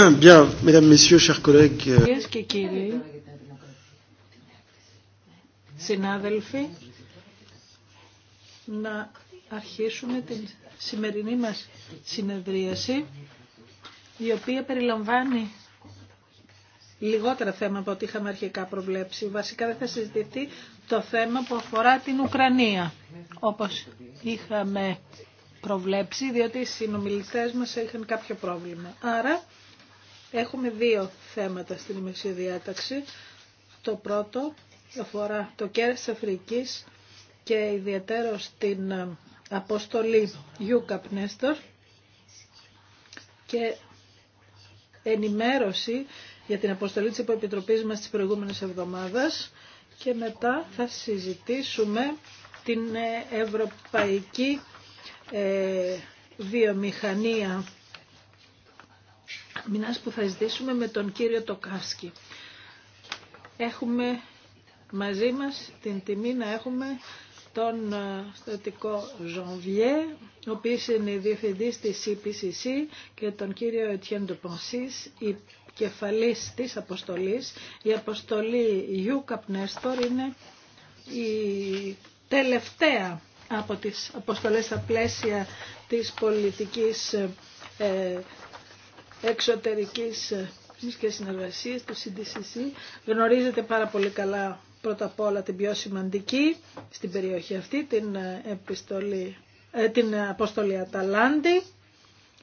Bien, euh, και κύριοι, συνάδελφοι, να αρχίσουμε την σημερινή μας συνεδρίαση, η οποία περιλαμβάνει λιγότερα θέματα από ό,τι είχαμε αρχικά προβλέψει. Βασικά δεν θα συζητηθεί το θέμα που αφορά την Ουκρανία, όπως είχαμε προβλέψει, διότι οι συνομιλητές μας είχαν κάποιο πρόβλημα. Άρα Έχουμε δύο θέματα στην ημερησία διάταξη. Το πρώτο αφορά το κέρες τη Αφρικής και ιδιαίτερο στην ε, αποστολή UCAP Nestor και ενημέρωση για την αποστολή της Υποεπιτροπής μας της προηγούμενης εβδομάδας και μετά θα συζητήσουμε την ε, ευρωπαϊκή ε, βιομηχανία μηνάς που θα ζητήσουμε με τον κύριο Τοκάσκι. Έχουμε μαζί μας την τιμή να έχουμε τον στρατικό ε, Ζανβιέ, ο οποίος είναι διευθυντής της CPCC και τον κύριο Ετιέν Ντοπονσής, η κεφαλής της αποστολής. Η αποστολή ιου Νέστορ είναι η τελευταία από τις αποστολές στα πλαίσια της πολιτικής ε, εξωτερικής ε, και συνεργασίας του CDCC. Γνωρίζετε πάρα πολύ καλά πρώτα απ' όλα την πιο σημαντική στην περιοχή αυτή, την, ε, επιστολή, ε, την αποστολή Αταλάντη.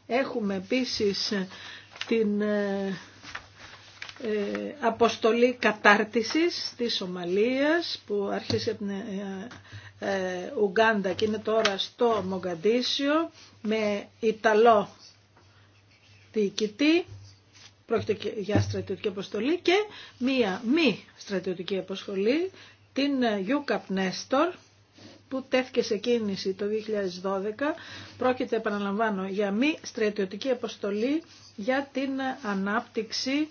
Έχουμε επίσης την αποστολή κατάρτισης της Σομαλίας που άρχισε από την Ουγγάντα και είναι τώρα στο Μογκαντήσιο με Ιταλό διοικητή, πρόκειται για στρατιωτική αποστολή και μία μη στρατιωτική αποστολή, την ε, UCAP Nestor, που τέθηκε σε κίνηση το 2012, πρόκειται, επαναλαμβάνω, για μη στρατιωτική αποστολή για την ε, ανάπτυξη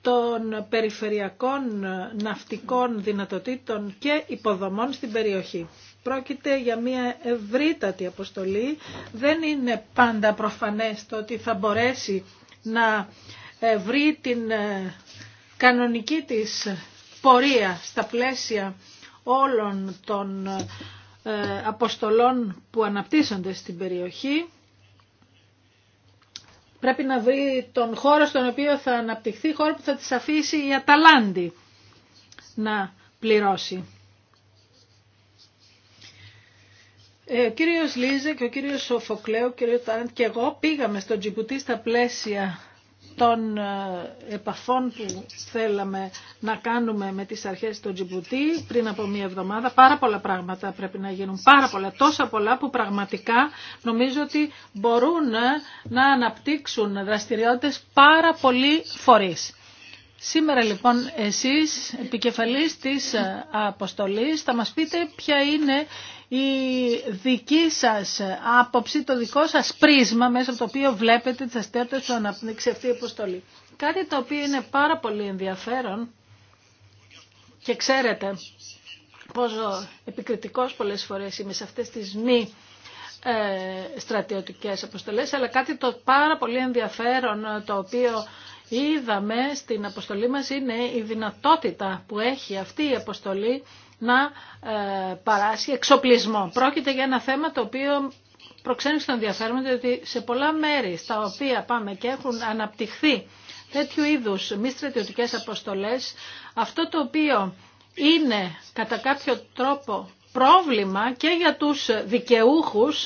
των περιφερειακών ε, ναυτικών δυνατοτήτων και υποδομών στην περιοχή. Πρόκειται για μια ευρύτατη αποστολή. Δεν είναι πάντα προφανές το ότι θα μπορέσει να ε, βρει την ε, κανονική της πορεία στα πλαίσια όλων των ε, αποστολών που αναπτύσσονται στην περιοχή. Πρέπει να βρει τον χώρο στον οποίο θα αναπτυχθεί, χώρο που θα της αφήσει η Αταλάντη να πληρώσει. Ε, ο κύριος Λίζε και ο κύριος Σοφοκλέου, ο κύριος Τάραντ και εγώ πήγαμε στο Τζιμπουτί στα πλαίσια των ε, επαφών που θέλαμε να κάνουμε με τις αρχές του Τζιμπουτί πριν από μία εβδομάδα. Πάρα πολλά πράγματα πρέπει να γίνουν, πάρα πολλά, τόσα πολλά που πραγματικά νομίζω ότι μπορούν ε, να αναπτύξουν δραστηριότητες πάρα πολλοί φορείς. Σήμερα λοιπόν εσείς, επικεφαλής της αποστολής, θα μας πείτε ποια είναι η δική σας άποψη, το δικό σας πρίσμα μέσα από το οποίο βλέπετε τις αστέρτες του αναπνίξει αυτή η αποστολή. Κάτι το οποίο είναι πάρα πολύ ενδιαφέρον και ξέρετε πόσο επικριτικός πολλές φορές είμαι σε αυτές τις μη ε, στρατιωτικές αποστολές, αλλά κάτι το πάρα πολύ ενδιαφέρον ε, το οποίο είδαμε στην αποστολή μας είναι η δυνατότητα που έχει αυτή η αποστολή να ε, παράσει εξοπλισμό. Πρόκειται για ένα θέμα το οποίο προξένει στον ενδιαφέρον ότι σε πολλά μέρη στα οποία πάμε και έχουν αναπτυχθεί τέτοιου είδους μη στρατιωτικές αποστολές, αυτό το οποίο είναι κατά κάποιο τρόπο πρόβλημα και για τους δικαιούχους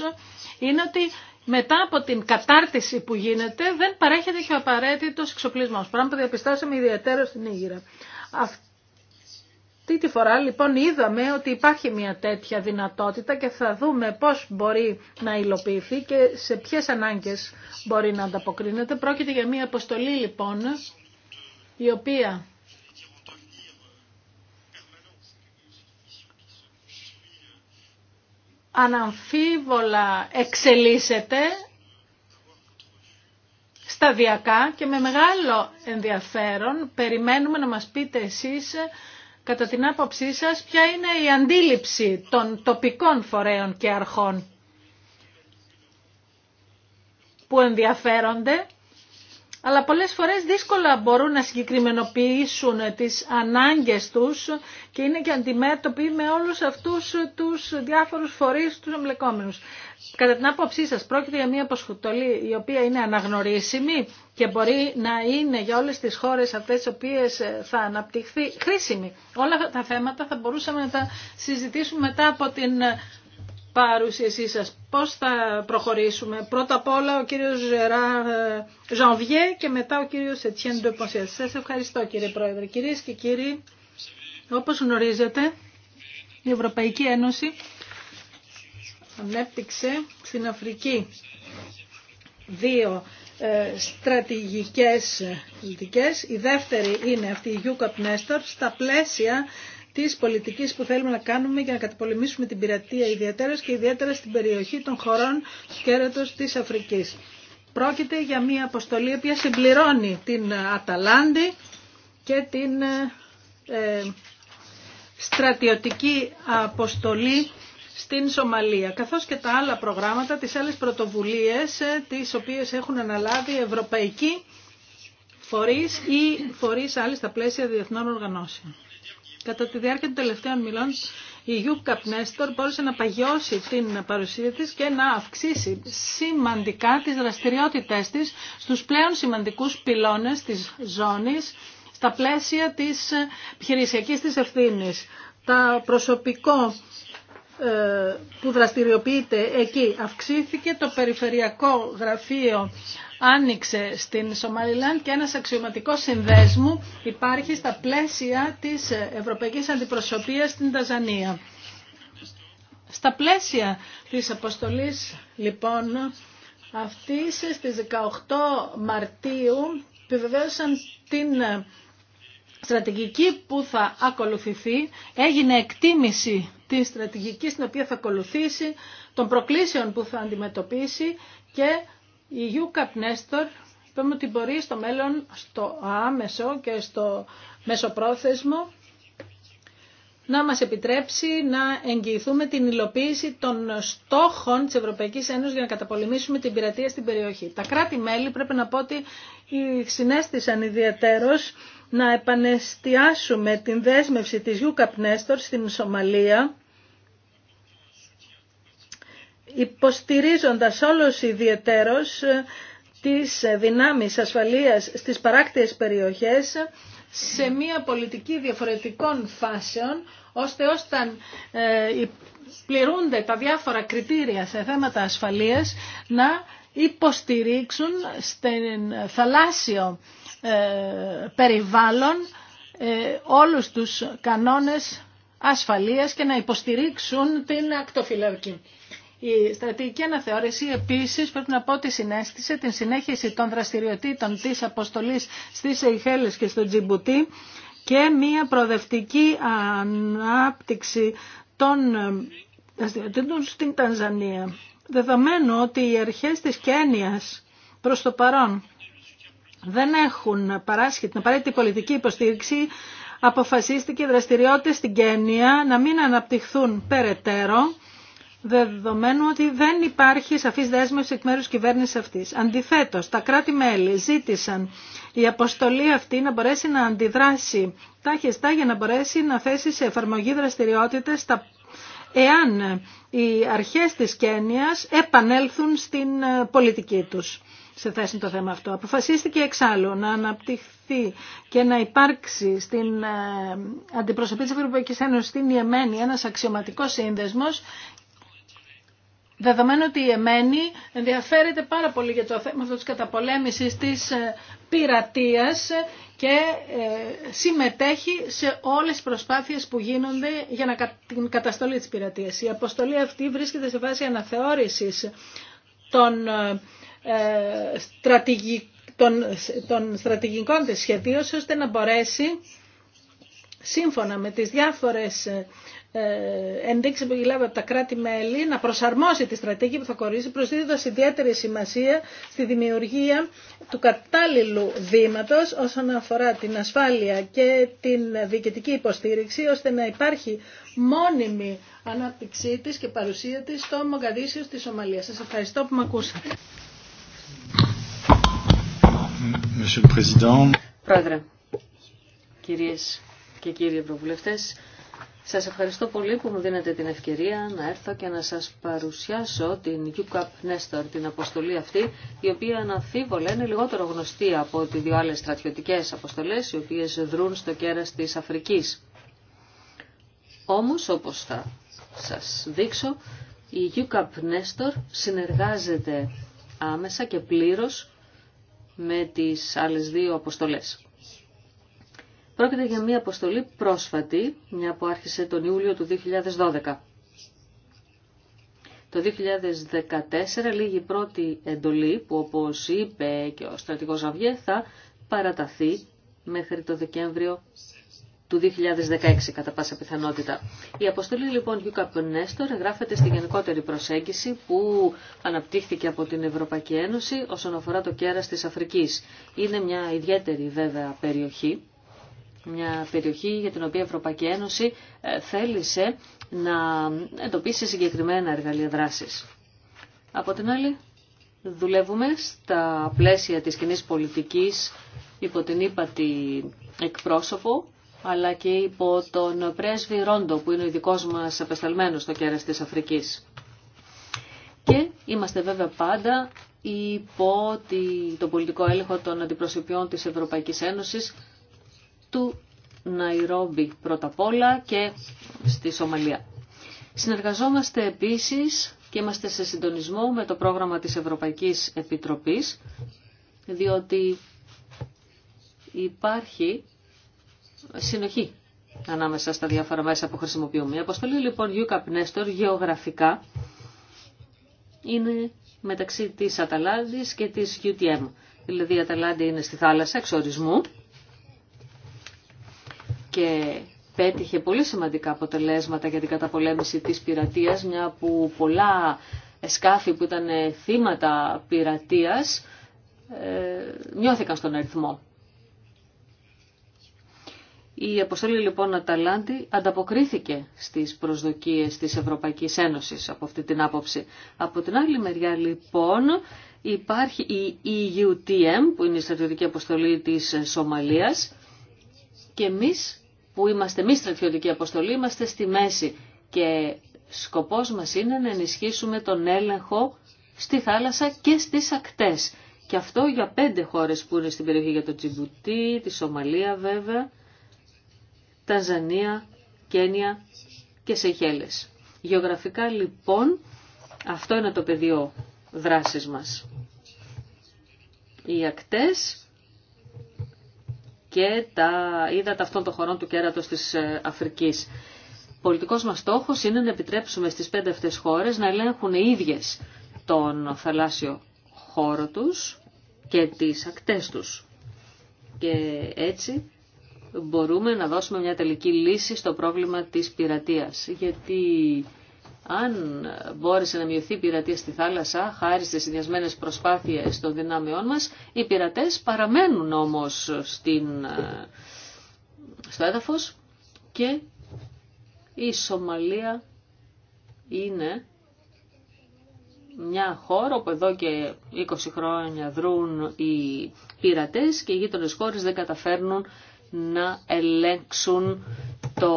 είναι ότι μετά από την κατάρτιση που γίνεται δεν παρέχεται και ο απαραίτητο εξοπλισμό. Πράγμα που διαπιστώσαμε ιδιαίτερα στην Ήγυρα. Αυτή τη φορά λοιπόν είδαμε ότι υπάρχει μια τέτοια δυνατότητα και θα δούμε πώς μπορεί να υλοποιηθεί και σε ποιες ανάγκες μπορεί να ανταποκρίνεται. Πρόκειται για μια αποστολή λοιπόν η οποία αναμφίβολα εξελίσσεται σταδιακά και με μεγάλο ενδιαφέρον περιμένουμε να μας πείτε εσείς κατά την άποψή σας, ποια είναι η αντίληψη των τοπικών φορέων και αρχών που ενδιαφέρονται αλλά πολλές φορές δύσκολα μπορούν να συγκεκριμενοποιήσουν τις ανάγκες τους και είναι και αντιμέτωποι με όλους αυτούς τους διάφορους φορείς τους εμπλεκόμενους. Κατά την άποψή σας πρόκειται για μια αποσκοτολή η οποία είναι αναγνωρίσιμη και μπορεί να είναι για όλες τις χώρες αυτές τις οποίες θα αναπτυχθεί χρήσιμη. Όλα αυτά τα θέματα θα μπορούσαμε να τα συζητήσουμε μετά από την παρουσίασή σας. Πώς θα προχωρήσουμε. Πρώτα απ' όλα ο κύριος Ζερά ε, Ζανβιέ και μετά ο κύριος Ετσιέν Ντεποσέ. Σας ευχαριστώ κύριε Πρόεδρε. Κυρίες και κύριοι, όπως γνωρίζετε, η Ευρωπαϊκή Ένωση ανέπτυξε στην Αφρική δύο ε, στρατηγικές πολιτικές. Η δεύτερη είναι αυτή η UCAP Nestor στα πλαίσια Τη πολιτική που θέλουμε να κάνουμε για να καταπολεμήσουμε την πειρατεία ιδιαίτερα και ιδιαίτερα στην περιοχή των χωρών κέρατο της Αφρικής. Πρόκειται για μια αποστολή που συμπληρώνει την Αταλάντη και την ε, ε, στρατιωτική αποστολή στην Σομαλία, καθώς και τα άλλα προγράμματα, τις άλλες πρωτοβουλίες, ε, τις οποίες έχουν αναλάβει ευρωπαϊκοί φορείς ή φορείς άλλες στα πλαίσια διεθνών οργανώσεων. Κατά τη διάρκεια των τελευταίων μιλών, η Γιούκα Καπνέστορ μπόρεσε να παγιώσει την παρουσία της και να αυξήσει σημαντικά τις δραστηριότητές της στους πλέον σημαντικούς πυλώνες της ζώνης, στα πλαίσια της επιχειρησιακής της ευθύνης. Τα προσωπικό ε, που δραστηριοποιείται εκεί αυξήθηκε, το περιφερειακό γραφείο άνοιξε στην Σομαλιλάντ και ένας αξιωματικός συνδέσμου υπάρχει στα πλαίσια της Ευρωπαϊκής Αντιπροσωπείας στην Ταζανία. Στα πλαίσια της αποστολής λοιπόν αυτής στις 18 Μαρτίου επιβεβαίωσαν την στρατηγική που θα ακολουθηθεί. Έγινε εκτίμηση της στρατηγικής την οποία θα ακολουθήσει, των προκλήσεων που θα αντιμετωπίσει και η Γιούκα Νέστορ είπαμε ότι μπορεί στο μέλλον, στο άμεσο και στο μεσοπρόθεσμο, να μας επιτρέψει να εγγυηθούμε την υλοποίηση των στόχων της Ευρωπαϊκής Ένωσης για να καταπολεμήσουμε την πειρατεία στην περιοχή. Τα κράτη-μέλη πρέπει να πω ότι συνέστησαν ιδιαίτερος να επανεστιάσουμε την δέσμευση της UCAP Nestor στην Σομαλία υποστηρίζοντας όλους ιδιαιτέρως ε, τις δυνάμεις ασφαλείας στις παράκτιες περιοχές σε μια πολιτική διαφορετικών φάσεων, ώστε όταν ε, πληρούνται τα διάφορα κριτήρια σε θέματα ασφαλείας να υποστηρίξουν στην θαλάσσιο ε, περιβάλλον όλους τους κανόνες ασφαλείας και να υποστηρίξουν την ακτοφυλακή. Η στρατηγική αναθεώρηση επίση πρέπει να πω ότι συνέστησε την συνέχιση των δραστηριοτήτων τη αποστολή στι Σεϊχέλε και στο Τζιμπουτί και μια προοδευτική ανάπτυξη των δραστηριοτήτων στην Τανζανία. Δεδομένου ότι οι αρχές της Κένιας προς το παρόν δεν έχουν παράσχει την απαραίτητη πολιτική υποστήριξη, αποφασίστηκε οι δραστηριότητες στην Κένια να μην αναπτυχθούν περαιτέρω δεδομένου ότι δεν υπάρχει σαφή δέσμευση εκ μέρου κυβέρνηση αυτή. Αντιθέτω, τα κράτη-μέλη ζήτησαν η αποστολή αυτή να μπορέσει να αντιδράσει τάχιστα για να μπορέσει να θέσει σε εφαρμογή δραστηριότητε τα εάν οι αρχές της Κένιας επανέλθουν στην ε, πολιτική τους σε θέση το θέμα αυτό. Αποφασίστηκε εξάλλου να αναπτυχθεί και να υπάρξει στην ε, αντιπροσωπή της Ευρωπαϊκής Ένωσης στην Ιεμένη ένας αξιωματικός σύνδεσμος Δεδομένου ότι η Εμένη ενδιαφέρεται πάρα πολύ για το θέμα αυτό της καταπολέμησης της ε, πειρατείας και ε, συμμετέχει σε όλες τις προσπάθειες που γίνονται για να την καταστολή της πειρατείας. Η αποστολή αυτή βρίσκεται σε βάση αναθεώρησης ε, των, στρατηγικών της σχεδίωσης ώστε να μπορέσει σύμφωνα με τις διάφορες ε, ενδείξει που γυλάβει από τα κράτη-μέλη να προσαρμόσει τη στρατηγική που θα κορίσει προσδίδοντας ιδιαίτερη σημασία στη δημιουργία του κατάλληλου βήματο όσον αφορά την ασφάλεια και την διοικητική υποστήριξη ώστε να υπάρχει μόνιμη ανάπτυξή της και παρουσία της στο Μογκαδίσιο της Σομαλίας. Σας ευχαριστώ που με ακούσατε. Πρόεδρε, κυρίες και κύριοι Ευρωβουλευτές, σας ευχαριστώ πολύ που μου δίνετε την ευκαιρία να έρθω και να σας παρουσιάσω την UCAP Nestor, την αποστολή αυτή, η οποία αναφίβολα είναι λιγότερο γνωστή από τις δύο άλλες στρατιωτικές αποστολές, οι οποίες δρούν στο κέρας της Αφρικής. Όμως, όπως θα σας δείξω, η UCAP Nestor συνεργάζεται άμεσα και πλήρως με τις άλλες δύο αποστολές. Πρόκειται για μια αποστολή πρόσφατη, μια που άρχισε τον Ιούλιο του 2012. Το 2014 λήγει η πρώτη εντολή που όπως είπε και ο στρατηγός Ζαβιέ θα παραταθεί μέχρι το Δεκέμβριο του 2016 κατά πάσα πιθανότητα. Η αποστολή λοιπόν του Nestor γράφεται στη γενικότερη προσέγγιση που αναπτύχθηκε από την Ευρωπαϊκή Ένωση όσον αφορά το κέρας της Αφρικής. Είναι μια ιδιαίτερη βέβαια περιοχή μια περιοχή για την οποία η Ευρωπαϊκή Ένωση ε, θέλησε να εντοπίσει συγκεκριμένα εργαλεία δράσης. Από την άλλη, δουλεύουμε στα πλαίσια της κοινή πολιτικής υπό την ύπατη εκπρόσωπο, αλλά και υπό τον πρέσβη Ρόντο, που είναι ο ειδικό μας απεσταλμένος στο κέρας της Αφρικής. Και είμαστε βέβαια πάντα υπό τον πολιτικό έλεγχο των αντιπροσωπιών της Ευρωπαϊκής Ένωσης, του Ναϊρόμπι πρώτα απ' όλα και στη Σομαλία. Συνεργαζόμαστε επίσης και είμαστε σε συντονισμό με το πρόγραμμα της Ευρωπαϊκής Επιτροπής, διότι υπάρχει συνοχή ανάμεσα στα διάφορα μέσα που χρησιμοποιούμε. Η αποστολή λοιπόν UCAP Nestor γεωγραφικά είναι μεταξύ της Αταλάντης και της UTM. Δηλαδή η Αταλάντη είναι στη θάλασσα εξορισμού και πέτυχε πολύ σημαντικά αποτελέσματα για την καταπολέμηση της πειρατείας, μια που πολλά σκάφη που ήταν θύματα πειρατείας ε, νιώθηκαν στον αριθμό. Η αποστολή λοιπόν Αταλάντη ανταποκρίθηκε στις προσδοκίες της Ευρωπαϊκής Ένωσης από αυτή την άποψη. Από την άλλη μεριά λοιπόν υπάρχει η EUTM που είναι η στρατιωτική αποστολή της Σομαλίας και εμείς που είμαστε εμεί στρατιωτική αποστολή, είμαστε στη μέση και σκοπός μας είναι να ενισχύσουμε τον έλεγχο στη θάλασσα και στις ακτές. Και αυτό για πέντε χώρες που είναι στην περιοχή για το Τζιμπουτί, τη Σομαλία βέβαια, Τανζανία, Κένια και Σεχέλες. Γεωγραφικά λοιπόν αυτό είναι το πεδίο δράσης μας. Οι ακτές και τα ύδατα αυτών των χωρών του κέρατος της ε, Αφρικής. Πολιτικός μας στόχος είναι να επιτρέψουμε στις πέντε αυτές χώρες να ελέγχουν οι ίδιες τον θαλάσσιο χώρο τους και τις ακτές τους. Και έτσι μπορούμε να δώσουμε μια τελική λύση στο πρόβλημα της πειρατείας. Γιατί αν μπόρεσε να μειωθεί η πειρατεία στη θάλασσα, χάρη στις συνδυασμένες προσπάθειες των δυνάμεών μας, οι πειρατές παραμένουν όμως στην, ε, στο έδαφος και η Σομαλία είναι μια χώρα που εδώ και 20 χρόνια δρούν οι πειρατές και οι γείτονες χώρες δεν καταφέρνουν να ελέγξουν το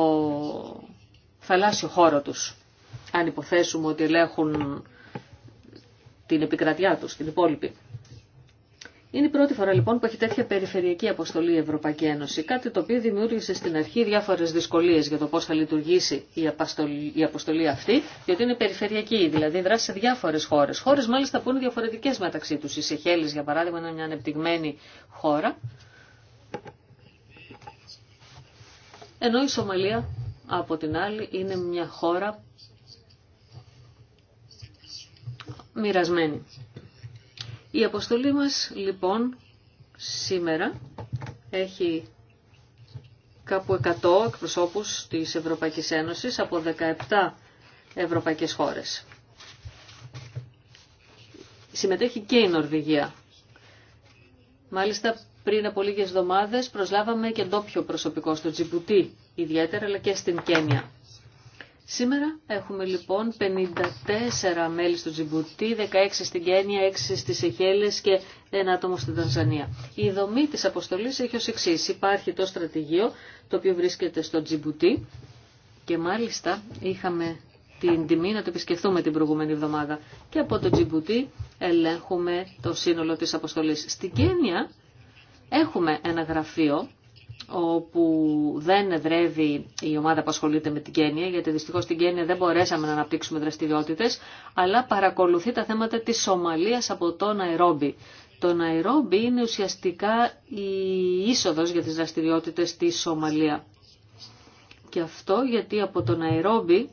θαλάσσιο χώρο τους αν υποθέσουμε ότι ελέγχουν την επικρατειά τους, την υπόλοιπη. Είναι η πρώτη φορά λοιπόν που έχει τέτοια περιφερειακή αποστολή η Ευρωπαϊκή Ένωση, κάτι το οποίο δημιούργησε στην αρχή διάφορες δυσκολίε για το πώς θα λειτουργήσει η αποστολή, η αποστολή αυτή, γιατί είναι περιφερειακή, δηλαδή δράσει σε διάφορες χώρες, χώρες μάλιστα που είναι διαφορετικές μεταξύ του. Η Σεχέλης, για παράδειγμα, είναι μια ανεπτυγμένη χώρα, ενώ η Σομαλία από την άλλη είναι μια χώρα μοιρασμένη. Η αποστολή μας λοιπόν σήμερα έχει κάπου 100 εκπροσώπους της Ευρωπαϊκής Ένωσης από 17 ευρωπαϊκές χώρες. Συμμετέχει και η Νορβηγία. Μάλιστα πριν από λίγες εβδομάδες προσλάβαμε και ντόπιο προσωπικό στο Τζιμπουτί ιδιαίτερα αλλά και στην Κένια. Σήμερα έχουμε λοιπόν 54 μέλη στο Τζιμπουτί, 16 στην Κένια, 6 στις Εχέλες και ένα άτομο στην Τανζανία. Η δομή της αποστολής έχει ως εξή. Υπάρχει το στρατηγείο το οποίο βρίσκεται στο Τζιμπουτί και μάλιστα είχαμε την τιμή να το επισκεφθούμε την προηγούμενη εβδομάδα. Και από το Τζιμπουτί ελέγχουμε το σύνολο της αποστολής. Στην Κένια έχουμε ένα γραφείο όπου δεν εδρεύει η ομάδα που ασχολείται με την Κένια, γιατί δυστυχώς στην Κένια δεν μπορέσαμε να αναπτύξουμε δραστηριότητες, αλλά παρακολουθεί τα θέματα της Σομαλίας από το Ναϊρόμπι. Το Ναϊρόμπι είναι ουσιαστικά η είσοδο για τις δραστηριότητες στη Σομαλία. Και αυτό γιατί από το Ναϊρόμπι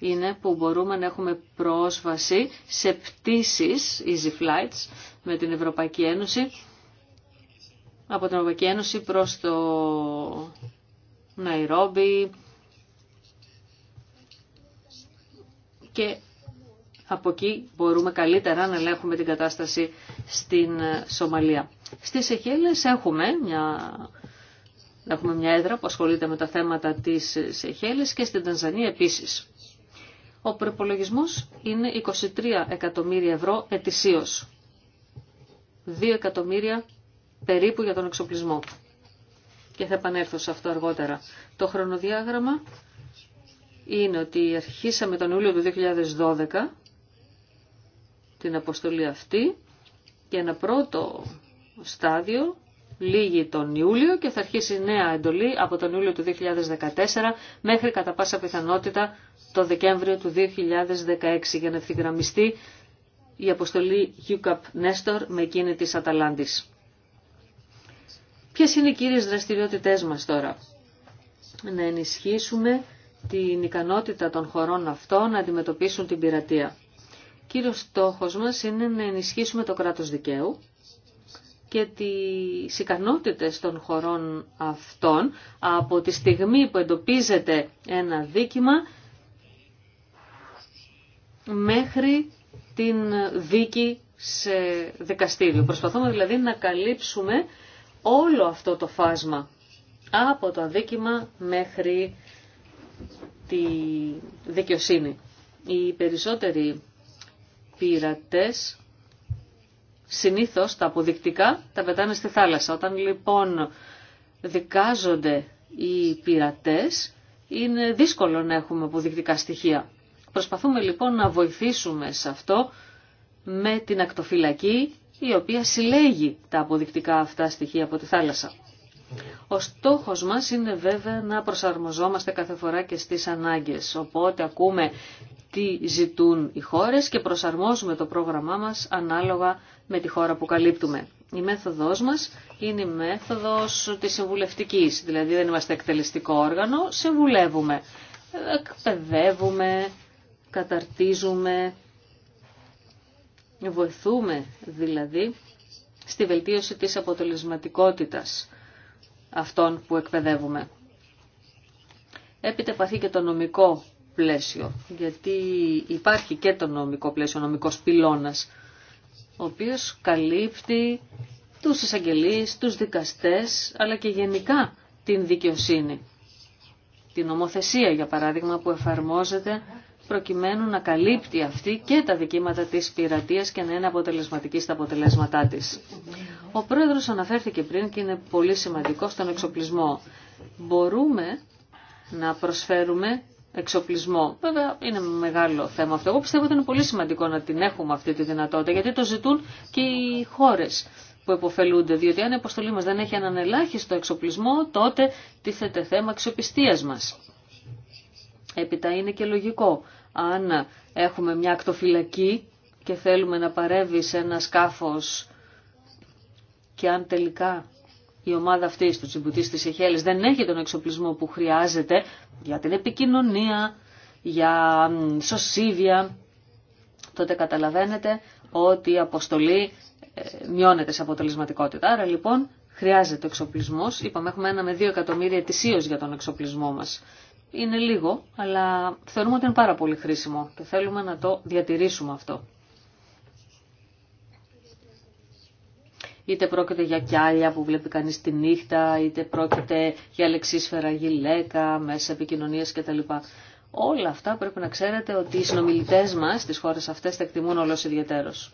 είναι που μπορούμε να έχουμε πρόσβαση σε πτήσεις, easy flights, με την Ευρωπαϊκή Ένωση από την Ευρωπαϊκή Ένωση προς το Ναϊρόμπι και από εκεί μπορούμε καλύτερα να ελέγχουμε την κατάσταση στην Σομαλία. Στις Σεχέλες έχουμε μια, έχουμε μια έδρα που ασχολείται με τα θέματα της Σεχέλες και στην Τανζανία επίσης. Ο προπολογισμό είναι 23 εκατομμύρια ευρώ ετησίως. 2 εκατομμύρια περίπου για τον εξοπλισμό. Και θα επανέλθω σε αυτό αργότερα. Το χρονοδιάγραμμα είναι ότι αρχίσαμε τον Ιούλιο του 2012 την αποστολή αυτή και ένα πρώτο στάδιο λύγει τον Ιούλιο και θα αρχίσει νέα εντολή από τον Ιούλιο του 2014 μέχρι κατά πάσα πιθανότητα το Δεκέμβριο του 2016 για να ευθυγραμμιστεί η αποστολή UCAP Nestor με εκείνη της Αταλάντης. Ποιες είναι οι κύριες δραστηριότητές μας τώρα. Να ενισχύσουμε την ικανότητα των χωρών αυτών να αντιμετωπίσουν την πειρατεία. Κύριος στόχος μας είναι να ενισχύσουμε το κράτος δικαίου και τις ικανότητες των χωρών αυτών από τη στιγμή που εντοπίζεται ένα δίκημα μέχρι την δίκη σε δικαστήριο. Προσπαθούμε δηλαδή να καλύψουμε όλο αυτό το φάσμα από το αδίκημα μέχρι τη δικαιοσύνη. Οι περισσότεροι πειρατές συνήθως τα αποδεικτικά τα πετάνε στη θάλασσα. Όταν λοιπόν δικάζονται οι πειρατές είναι δύσκολο να έχουμε αποδεικτικά στοιχεία. Προσπαθούμε λοιπόν να βοηθήσουμε σε αυτό με την ακτοφυλακή η οποία συλλέγει τα αποδεικτικά αυτά στοιχεία από τη θάλασσα. Ο στόχος μας είναι βέβαια να προσαρμοζόμαστε κάθε φορά και στις ανάγκες. Οπότε ακούμε τι ζητούν οι χώρες και προσαρμόζουμε το πρόγραμμά μας ανάλογα με τη χώρα που καλύπτουμε. Η μέθοδός μας είναι η μέθοδος της συμβουλευτικής, δηλαδή δεν είμαστε εκτελεστικό όργανο, συμβουλεύουμε, εκπαιδεύουμε, καταρτίζουμε Βοηθούμε δηλαδή στη βελτίωση της αποτελεσματικότητας αυτών που εκπαιδεύουμε. Έπειτα παθεί και το νομικό πλαίσιο, γιατί υπάρχει και το νομικό πλαίσιο, ο νομικός πυλώνας, ο οποίος καλύπτει τους εισαγγελείς, τους δικαστές, αλλά και γενικά την δικαιοσύνη. Την νομοθεσία, για παράδειγμα, που εφαρμόζεται προκειμένου να καλύπτει αυτή και τα δικήματα της πειρατείας και να είναι αποτελεσματική στα αποτελέσματά της. Ο πρόεδρος αναφέρθηκε πριν και είναι πολύ σημαντικό στον εξοπλισμό. Μπορούμε να προσφέρουμε εξοπλισμό. Βέβαια είναι μεγάλο θέμα αυτό. Εγώ πιστεύω ότι είναι πολύ σημαντικό να την έχουμε αυτή τη δυνατότητα γιατί το ζητούν και οι χώρες που υποφελούνται. διότι αν η αποστολή μας δεν έχει έναν ελάχιστο εξοπλισμό, τότε τίθεται θέμα αξιοπιστίας μας. Έπειτα είναι και λογικό αν έχουμε μια ακτοφυλακή και θέλουμε να παρεύει σε ένα σκάφος και αν τελικά η ομάδα αυτή του Τσιμπουτή της Εχέλες δεν έχει τον εξοπλισμό που χρειάζεται για την επικοινωνία, για σωσίβια, τότε καταλαβαίνετε ότι η αποστολή ε, μειώνεται σε αποτελεσματικότητα. Άρα λοιπόν χρειάζεται εξοπλισμός. Είπαμε έχουμε ένα με δύο εκατομμύρια ετησίως για τον εξοπλισμό μας είναι λίγο, αλλά θεωρούμε ότι είναι πάρα πολύ χρήσιμο και θέλουμε να το διατηρήσουμε αυτό. Είτε πρόκειται για κιάλια που βλέπει κανείς τη νύχτα, είτε πρόκειται για λεξίσφαιρα γυλαίκα, μέσα επικοινωνίας κτλ. Όλα αυτά πρέπει να ξέρετε ότι οι συνομιλητές μας στις χώρες αυτές τα εκτιμούν όλος ιδιαίτερος.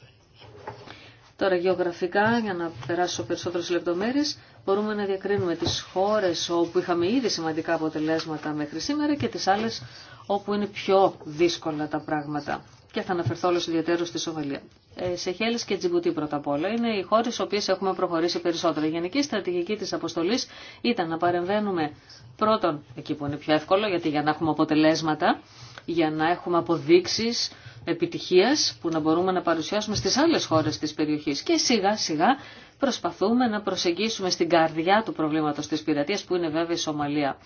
Τώρα γεωγραφικά, για να περάσω περισσότερες λεπτομέρειες, μπορούμε να διακρίνουμε τις χώρες όπου είχαμε ήδη σημαντικά αποτελέσματα μέχρι σήμερα και τις άλλες όπου είναι πιο δύσκολα τα πράγματα. Και θα αναφερθώ όλος ιδιαίτερο στη Σοβαλία. Ε, και Τζιμπουτή πρώτα απ' όλα είναι οι χώρες στις οποίες έχουμε προχωρήσει περισσότερο. Η γενική στρατηγική της αποστολής ήταν να παρεμβαίνουμε πρώτον εκεί που είναι πιο εύκολο, γιατί για να έχουμε αποτελέσματα, για να έχουμε αποδείξεις, επιτυχίας που να μπορούμε να παρουσιάσουμε στις άλλες χώρες της περιοχής και σιγά σιγά προσπαθούμε να προσεγγίσουμε στην καρδιά του προβλήματος της πειρατείας που είναι βέβαια η Σομαλία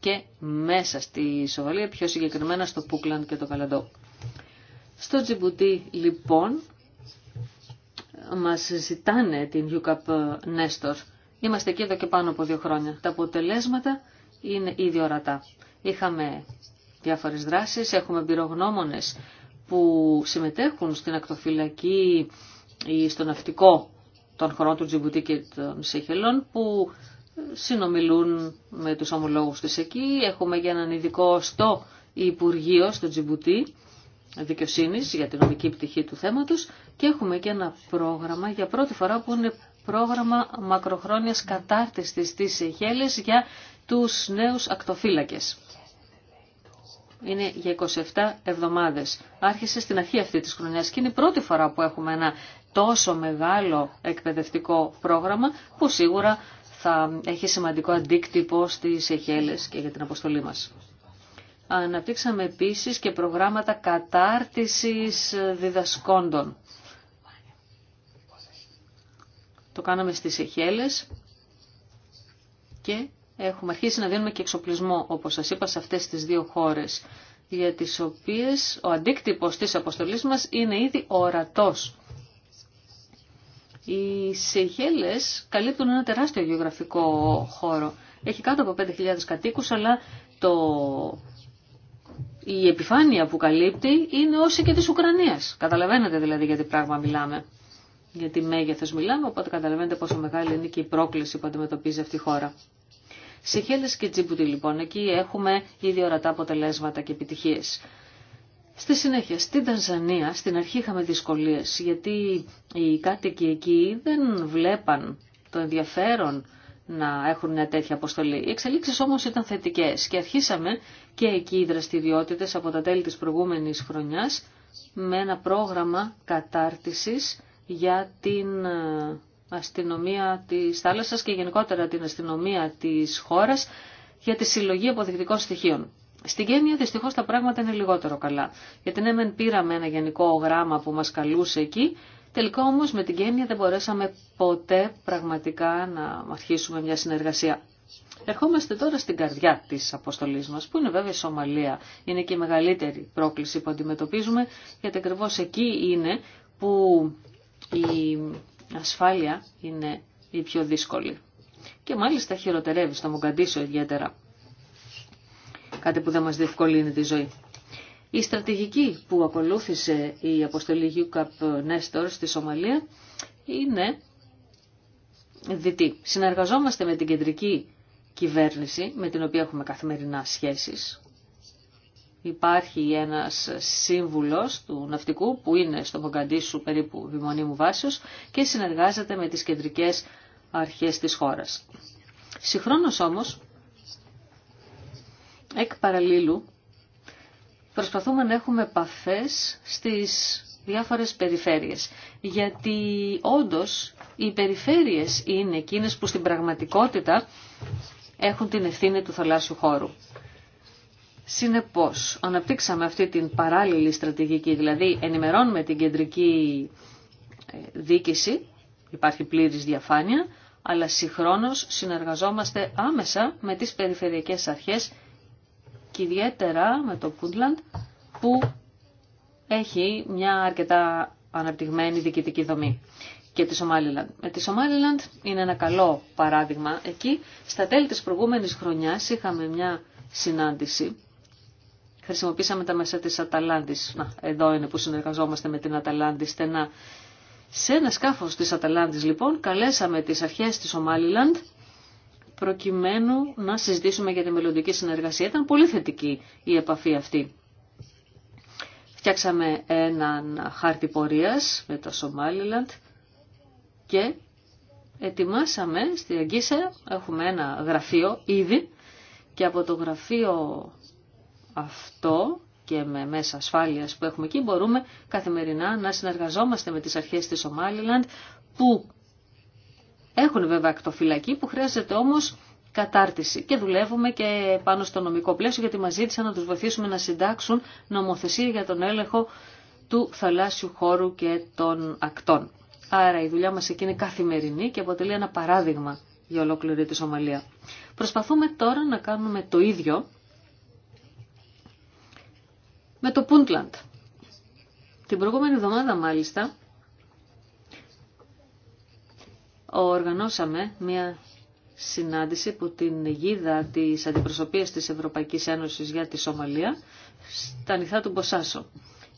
και μέσα στη Σομαλία πιο συγκεκριμένα στο Πούκλαντ και το Καλαντό. Στο Τζιμπουτί λοιπόν μας ζητάνε την UCAP Nestor. Είμαστε εκεί εδώ και πάνω από δύο χρόνια. Τα αποτελέσματα είναι ήδη ορατά. Είχαμε διάφορες δράσεις, έχουμε πυρογνώμονες που συμμετέχουν στην ακτοφυλακή ή στο ναυτικό των χωρών του Τζιμπουτί και των Σεχελών που συνομιλούν με τους ομολόγους της εκεί. Έχουμε για έναν ειδικό στο Υπουργείο, στο Τζιμπουτή, δικαιοσύνη για την νομική πτυχή του θέματος και έχουμε και ένα πρόγραμμα για πρώτη φορά που είναι πρόγραμμα μακροχρόνιας κατάρτισης της Σεχέλες για τους νέους ακτοφύλακες. Είναι για 27 εβδομάδες. Άρχισε στην αρχή αυτή της χρονιάς και είναι η πρώτη φορά που έχουμε ένα τόσο μεγάλο εκπαιδευτικό πρόγραμμα που σίγουρα θα έχει σημαντικό αντίκτυπο στις εχέλες και για την αποστολή μας. Αναπτύξαμε επίσης και προγράμματα κατάρτισης διδασκόντων. Το κάναμε στις εχέλες και έχουμε αρχίσει να δίνουμε και εξοπλισμό, όπως σας είπα, σε αυτές τις δύο χώρες, για τις οποίες ο αντίκτυπος της αποστολής μας είναι ήδη ορατός. Οι Σεχέλες καλύπτουν ένα τεράστιο γεωγραφικό χώρο. Έχει κάτω από 5.000 κατοίκους, αλλά το... η επιφάνεια που καλύπτει είναι όση και της Ουκρανίας. Καταλαβαίνετε δηλαδή για τι πράγμα μιλάμε. Γιατί μέγεθος μιλάμε, οπότε καταλαβαίνετε πόσο μεγάλη είναι και η πρόκληση που αντιμετωπίζει αυτή η χώρα. Σεχέλες και Τζιμπουτή λοιπόν, εκεί έχουμε ήδη ορατά αποτελέσματα και επιτυχίες. Στη συνέχεια, στην Τανζανία, στην αρχή είχαμε δυσκολίες, γιατί οι κάτοικοι εκεί δεν βλέπαν το ενδιαφέρον να έχουν μια τέτοια αποστολή. Οι εξελίξεις όμως ήταν θετικές και αρχίσαμε και εκεί οι δραστηριότητες από τα τέλη της προηγούμενης χρονιάς με ένα πρόγραμμα κατάρτισης για την ε, αστυνομία της θάλασσας και γενικότερα την αστυνομία της χώρας για τη συλλογή αποδεικτικών στοιχείων. Στην Κένια δυστυχώ τα πράγματα είναι λιγότερο καλά. Γιατί ναι, μεν πήραμε ένα γενικό γράμμα που μα καλούσε εκεί, τελικά όμω με την Κένια δεν μπορέσαμε ποτέ πραγματικά να αρχίσουμε μια συνεργασία. Ερχόμαστε τώρα στην καρδιά τη αποστολή μα, που είναι βέβαια η Σομαλία. Είναι και η μεγαλύτερη πρόκληση που αντιμετωπίζουμε, γιατί ακριβώ εκεί είναι που η ασφάλεια είναι η πιο δύσκολη. Και μάλιστα χειροτερεύει στο Μογκαντήσιο ιδιαίτερα κάτι που δεν μας διευκολύνει τη ζωή. Η στρατηγική που ακολούθησε η αποστολή UCAP Nestor στη Σομαλία είναι δυτή. Συνεργαζόμαστε με την κεντρική κυβέρνηση με την οποία έχουμε καθημερινά σχέσεις. Υπάρχει ένας σύμβουλος του ναυτικού που είναι στο Μογκαντήσου περίπου βημονή μου βάσεως και συνεργάζεται με τις κεντρικές αρχές της χώρας. Συγχρόνως όμως εκ παραλίλου προσπαθούμε να έχουμε επαφές στις διάφορες περιφέρειες. Γιατί όντως οι περιφέρειες είναι εκείνες που στην πραγματικότητα έχουν την ευθύνη του θαλάσσιου χώρου. Συνεπώς, αναπτύξαμε αυτή την παράλληλη στρατηγική, δηλαδή ενημερώνουμε την κεντρική ε, δίκηση, υπάρχει πλήρης διαφάνεια, αλλά συγχρόνως συνεργαζόμαστε άμεσα με τις περιφερειακές αρχές και ιδιαίτερα με το Πούντλαντ που έχει μια αρκετά αναπτυγμένη διοικητική δομή και τη Σομάλιλαντ. Με τη Σομάλιλαντ είναι ένα καλό παράδειγμα. Εκεί στα τέλη της προηγούμενης χρονιάς είχαμε μια συνάντηση. Χρησιμοποίησαμε τα μέσα της Αταλάντης. Να, εδώ είναι που συνεργαζόμαστε με την Αταλάντη στενά. Σε ένα σκάφος της Αταλάντης λοιπόν καλέσαμε τις αρχές της Σομάλιλαντ προκειμένου να συζητήσουμε για τη μελλοντική συνεργασία. Ήταν πολύ θετική η επαφή αυτή. Φτιάξαμε έναν χάρτη πορείας με το Somaliland και ετοιμάσαμε στη Αγγίσα, έχουμε ένα γραφείο ήδη και από το γραφείο αυτό και με μέσα ασφάλειας που έχουμε εκεί μπορούμε καθημερινά να συνεργαζόμαστε με τις αρχές της Somaliland που έχουν βέβαια ακτοφυλακή που χρειάζεται όμως κατάρτιση και δουλεύουμε και πάνω στο νομικό πλαίσιο γιατί μας ζήτησαν να τους βοηθήσουμε να συντάξουν νομοθεσία για τον έλεγχο του θαλάσσιου χώρου και των ακτών. Άρα η δουλειά μας εκεί είναι καθημερινή και αποτελεί ένα παράδειγμα για ολόκληρη τη Σομαλία. Προσπαθούμε τώρα να κάνουμε το ίδιο με το Πούντλαντ. Την προηγούμενη εβδομάδα μάλιστα οργανώσαμε μια συνάντηση που την γίδα της αντιπροσωπείας της Ευρωπαϊκής Ένωσης για τη Σομαλία στα νυχτά του Μποσάσο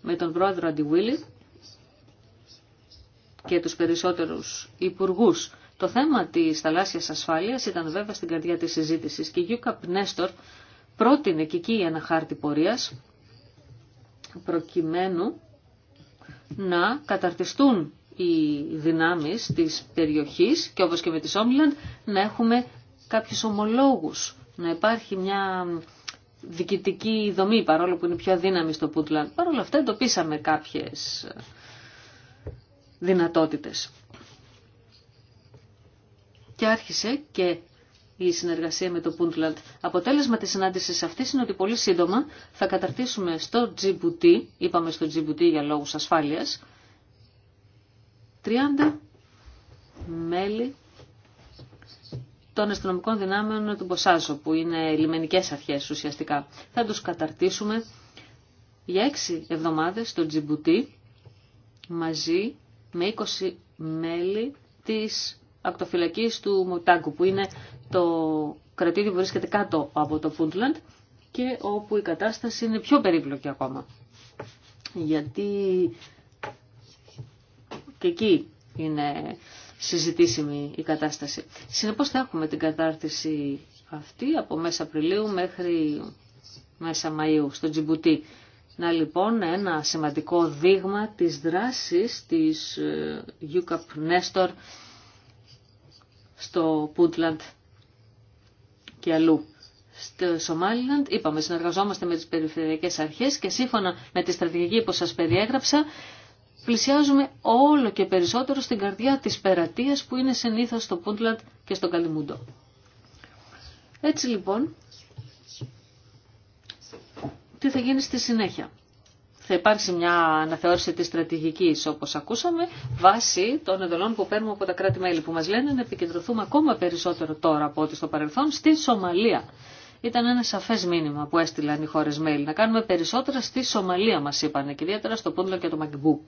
με τον πρόεδρο Αντιουίλη και τους περισσότερους υπουργούς. Το θέμα της θαλάσσιας ασφάλειας ήταν βέβαια στην καρδιά της συζήτησης και η Γιούκα Πνέστορ πρότεινε και εκεί ένα χάρτη πορείας προκειμένου να καταρτιστούν οι δυνάμεις της περιοχής και όπως και με τη Σόμιλαντ να έχουμε κάποιους ομολόγους, να υπάρχει μια διοικητική δομή παρόλο που είναι πιο αδύναμη στο Πούτλαντ. Παρ' όλα αυτά εντοπίσαμε κάποιες δυνατότητες. Και άρχισε και η συνεργασία με το Πούντλαντ. Αποτέλεσμα της συνάντησης αυτής είναι ότι πολύ σύντομα θα καταρτήσουμε στο Τζιμπουτί, είπαμε στο Τζιμπουτί για λόγους ασφάλειας, 30 μέλη των αστυνομικών δυνάμεων του Μποσάζο, που είναι λιμενικές αρχές ουσιαστικά. Θα τους καταρτήσουμε για 6 εβδομάδες στο Τζιμπουτί, μαζί με 20 μέλη της ακτοφυλακής του Μοτάγκου, που είναι το κρατήριο που βρίσκεται κάτω από το Πούντλαντ και όπου η κατάσταση είναι πιο περίπλοκη ακόμα. Γιατί και εκεί είναι συζητήσιμη η κατάσταση. Συνεπώς θα έχουμε την κατάρτιση αυτή από μέσα Απριλίου μέχρι μέσα Μαΐου στο Τζιμπουτί. Να λοιπόν ένα σημαντικό δείγμα της δράσης της ε, UCAP Nestor στο Πούντλαντ και αλλού. Στο Σομάλιλαντ είπαμε συνεργαζόμαστε με τις περιφερειακές αρχές και σύμφωνα με τη στρατηγική που σας περιέγραψα πλησιάζουμε όλο και περισσότερο στην καρδιά της περατείας που είναι συνήθως στο Πούντλαντ και στο Καλιμούντο. Έτσι λοιπόν, τι θα γίνει στη συνέχεια. Θα υπάρξει μια αναθεώρηση της στρατηγικής όπως ακούσαμε βάσει των εντολών που παίρνουμε από τα κράτη-μέλη που μας λένε να επικεντρωθούμε ακόμα περισσότερο τώρα από ό,τι στο παρελθόν στη Σομαλία. Ήταν ένα σαφές μήνυμα που έστειλαν οι χώρες μέλη να κάνουμε περισσότερα στη Σομαλία μας είπαν. και ιδιαίτερα στο Πούντλο και το Μαγκμπού.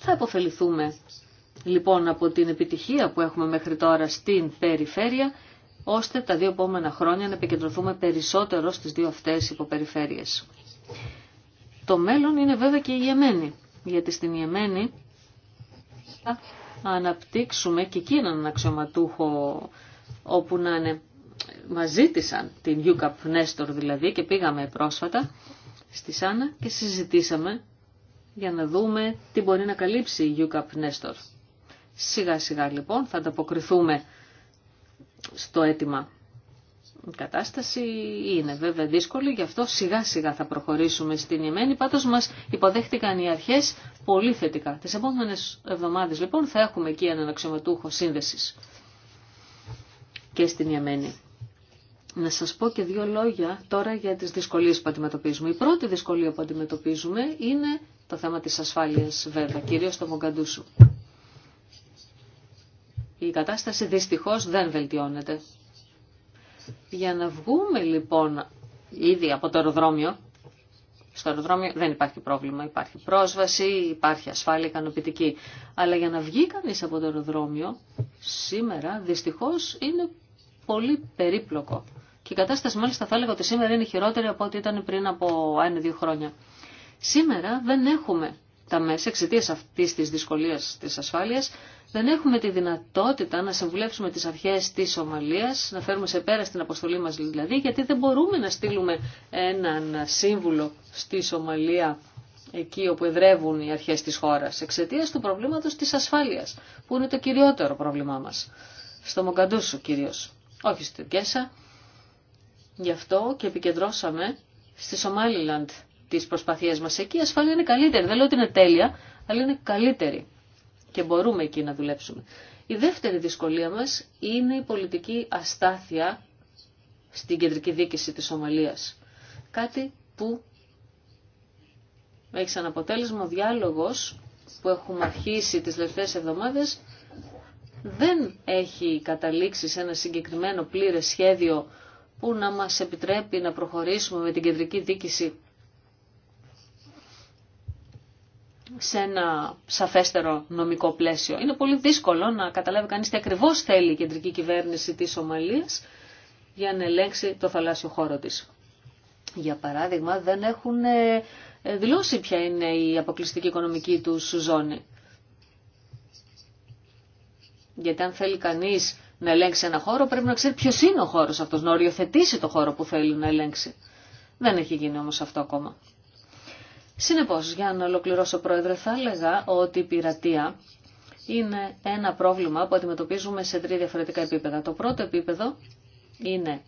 Θα υποφεληθούμε λοιπόν από την επιτυχία που έχουμε μέχρι τώρα στην περιφέρεια, ώστε τα δύο επόμενα χρόνια να επικεντρωθούμε περισσότερο στις δύο αυτές υποπεριφέρειες. Το μέλλον είναι βέβαια και η Ιεμένη, γιατί στην Ιεμένη θα αναπτύξουμε και εκεί έναν αξιωματούχο όπου να είναι. Μας ζήτησαν την UCAP Nestor δηλαδή και πήγαμε πρόσφατα στη Σάνα και συζητήσαμε για να δούμε τι μπορεί να καλύψει η UCAP Nestor. Σιγά σιγά λοιπόν θα ανταποκριθούμε στο αίτημα. Η κατάσταση είναι βέβαια δύσκολη, γι' αυτό σιγά σιγά θα προχωρήσουμε στην Ιεμένη. Πάντως μας υποδέχτηκαν οι αρχές πολύ θετικά. Τις επόμενες εβδομάδες λοιπόν θα έχουμε εκεί έναν αξιωματούχο σύνδεσης και στην Ιεμένη. Να σας πω και δύο λόγια τώρα για τις δυσκολίες που αντιμετωπίζουμε. Η πρώτη δυσκολία που αντιμετωπίζουμε είναι το θέμα της ασφάλειας βέβαια, κυρίως στο Μογκαντούσου. Η κατάσταση δυστυχώς δεν βελτιώνεται. Για να βγούμε λοιπόν ήδη από το αεροδρόμιο, στο αεροδρόμιο δεν υπάρχει πρόβλημα, υπάρχει πρόσβαση, υπάρχει ασφάλεια ικανοποιητική. Αλλά για να βγει κανείς από το αεροδρόμιο, σήμερα δυστυχώς είναι πολύ περίπλοκο. Και η κατάσταση μάλιστα θα έλεγα ότι σήμερα είναι χειρότερη από ό,τι ήταν πριν από ένα-δύο χρόνια. Σήμερα δεν έχουμε τα μέσα εξαιτία αυτή τη δυσκολία τη ασφάλεια, δεν έχουμε τη δυνατότητα να συμβουλεύσουμε τι αρχέ τη Ομαλία, να φέρουμε σε πέρα στην αποστολή μα δηλαδή, γιατί δεν μπορούμε να στείλουμε έναν σύμβουλο στη Σομαλία εκεί όπου εδρεύουν οι αρχές της χώρας, εξαιτία του προβλήματος της ασφάλειας, που είναι το κυριότερο πρόβλημά μας. Στο Μογκαντούσου κυρίως, όχι στην Κέσα, Γι' αυτό και επικεντρώσαμε στη Σομάλιλαντ τις προσπαθίες μας. Εκεί η ασφάλεια είναι καλύτερη. Δεν λέω ότι είναι τέλεια, αλλά είναι καλύτερη. Και μπορούμε εκεί να δουλέψουμε. Η δεύτερη δυσκολία μας είναι η πολιτική αστάθεια στην κεντρική δίκηση της Σομαλίας. Κάτι που έχει σαν αποτέλεσμα ο διάλογος που έχουμε αρχίσει τις τελευταίες εβδομάδες δεν έχει καταλήξει σε ένα συγκεκριμένο πλήρες σχέδιο που να μας επιτρέπει να προχωρήσουμε με την κεντρική δίκηση σε ένα σαφέστερο νομικό πλαίσιο. Είναι πολύ δύσκολο να καταλάβει κανείς τι ακριβώς θέλει η κεντρική κυβέρνηση της Σομαλίας για να ελέγξει το θαλάσσιο χώρο της. Για παράδειγμα, δεν έχουν ε, ε, δηλώσει ποια είναι η αποκλειστική οικονομική του ζώνη. Γιατί αν θέλει κανείς να ελέγξει ένα χώρο, πρέπει να ξέρει ποιο είναι ο χώρο αυτό, να οριοθετήσει το χώρο που θέλει να ελέγξει. Δεν έχει γίνει όμω αυτό ακόμα. Συνεπώ, για να ολοκληρώσω, Πρόεδρε, θα έλεγα ότι η πειρατεία είναι ένα πρόβλημα που αντιμετωπίζουμε σε τρία διαφορετικά επίπεδα. Το πρώτο επίπεδο είναι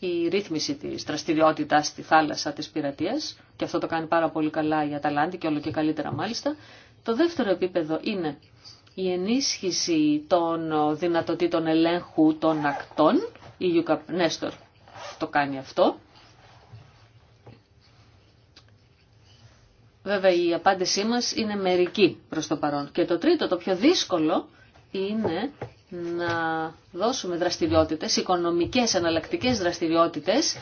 η ρύθμιση τη δραστηριότητα στη θάλασσα τη πειρατεία, και αυτό το κάνει πάρα πολύ καλά η Αταλάντη και όλο και καλύτερα μάλιστα. Το δεύτερο επίπεδο είναι η ενίσχυση των δυνατοτήτων ελέγχου των ακτών, η UKAP το κάνει αυτό. Βέβαια η απάντησή μας είναι μερική προς το παρόν. Και το τρίτο, το πιο δύσκολο, είναι να δώσουμε δραστηριότητες, οικονομικές αναλλακτικές δραστηριότητες,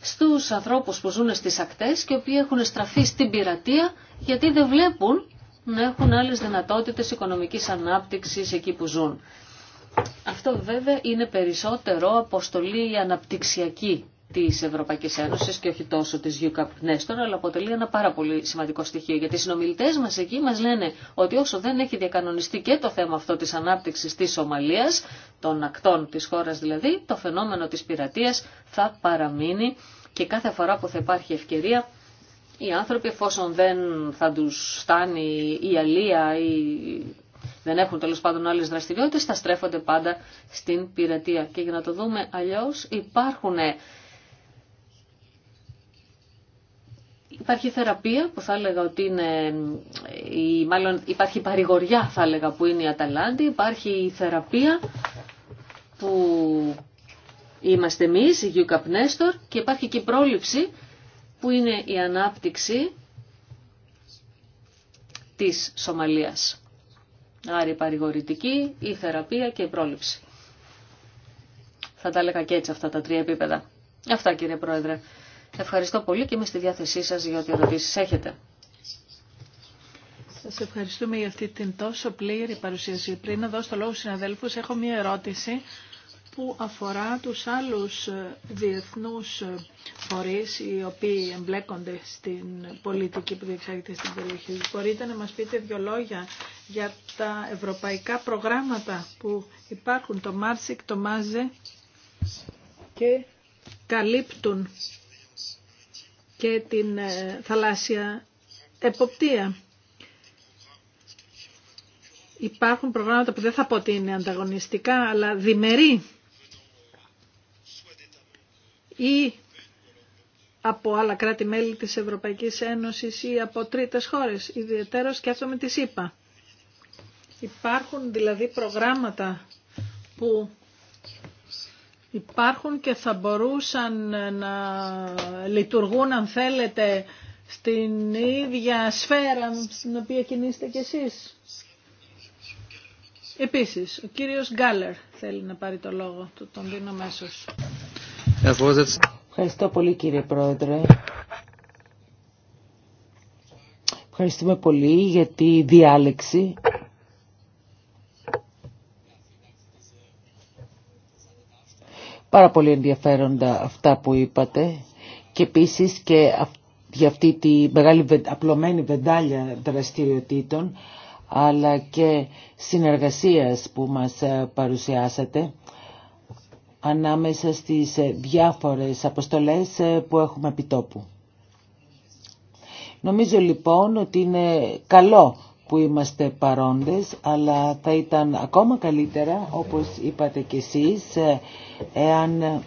στους ανθρώπους που ζουν στις ακτές και οι οποίοι έχουν στραφεί στην πειρατεία γιατί δεν βλέπουν να έχουν άλλες δυνατότητες οικονομικής ανάπτυξης εκεί που ζουν. Αυτό βέβαια είναι περισσότερο αποστολή αναπτυξιακή τη Ευρωπαϊκή Ένωση και όχι τόσο τη UCAP Nestor, αλλά αποτελεί ένα πάρα πολύ σημαντικό στοιχείο. Γιατί οι συνομιλητέ μα εκεί μα λένε ότι όσο δεν έχει διακανονιστεί και το θέμα αυτό τη ανάπτυξη τη Σομαλίας, των ακτών τη χώρα δηλαδή, το φαινόμενο τη πειρατεία θα παραμείνει και κάθε φορά που θα υπάρχει ευκαιρία οι άνθρωποι εφόσον δεν θα τους φτάνει η αλεία ή δεν έχουν τέλο πάντων άλλες δραστηριότητες θα στρέφονται πάντα στην πειρατεία. Και για να το δούμε αλλιώς υπάρχουν... Ε, υπάρχει θεραπεία που θα έλεγα ότι είναι, ή ε, μάλλον υπάρχει παρηγοριά θα έλεγα που είναι η Αταλάντη, υπάρχει η θεραπεία που είμαστε εμείς, η Γιου και υπάρχει και η πρόληψη που είναι η ανάπτυξη της Σομαλίας. Άρα η παρηγορητική, η θεραπεία και η πρόληψη. Θα τα έλεγα και έτσι αυτά τα τρία επίπεδα. Αυτά κύριε Πρόεδρε. Ευχαριστώ πολύ και είμαι στη διάθεσή σας για ό,τι ερωτήσεις έχετε. Σας ευχαριστούμε για αυτή την τόσο πλήρη παρουσίαση. Πριν να δώσω το λόγο στους συναδέλφους, έχω μία ερώτηση που αφορά τους άλλους ε, διεθνούς ε, φορείς οι οποίοι εμπλέκονται στην πολιτική που διεξάγεται στην περιοχή. Μπορείτε να μας πείτε δύο λόγια για τα ευρωπαϊκά προγράμματα που υπάρχουν, το Μάρσικ, το Μάζε και καλύπτουν και την ε, θαλάσσια εποπτεία. Υπάρχουν προγράμματα που δεν θα πω ότι είναι ανταγωνιστικά, αλλά διμερεί ή από άλλα κράτη-μέλη της Ευρωπαϊκής Ένωσης ή από τρίτες χώρες, ιδιαίτερα σκέφτομαι τις ΗΠΑ. Υπάρχουν δηλαδή προγράμματα που υπάρχουν και θα μπορούσαν να λειτουργούν αν θέλετε στην ίδια σφαίρα στην οποία κινείστε κι εσείς. Επίσης, ο κύριος Γκάλερ θέλει να πάρει το λόγο, τον δίνω μέσος. Ευχαριστώ πολύ κύριε Πρόεδρε. Ευχαριστούμε πολύ για τη διάλεξη. Πάρα πολύ ενδιαφέροντα αυτά που είπατε και επίσης και για αυτή τη μεγάλη απλωμένη βεντάλια δραστηριοτήτων αλλά και συνεργασίας που μας ε, παρουσιάσατε ανάμεσα στις ε, διάφορες αποστολές ε, που έχουμε επιτόπου. Νομίζω λοιπόν ότι είναι καλό που είμαστε παρόντες, αλλά θα ήταν ακόμα καλύτερα, όπως είπατε κι εσείς, ε, εάν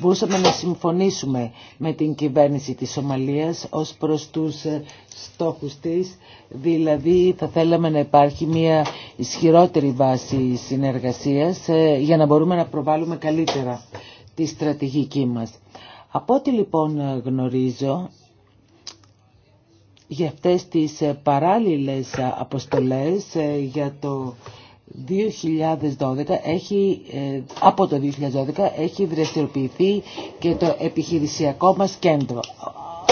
μπορούσαμε να συμφωνήσουμε με την κυβέρνηση της Σομαλίας ως προς τους ε, στόχους της, δηλαδή θα θέλαμε να υπάρχει μια ισχυρότερη βάση συνεργασίας ε, για να μπορούμε να προβάλλουμε καλύτερα τη στρατηγική μας. Από ό,τι λοιπόν ε, γνωρίζω, για αυτές τις παράλληλες αποστολές για το 2012 έχει, ε, από το 2012 έχει δραστηριοποιηθεί και το επιχειρησιακό μας κέντρο,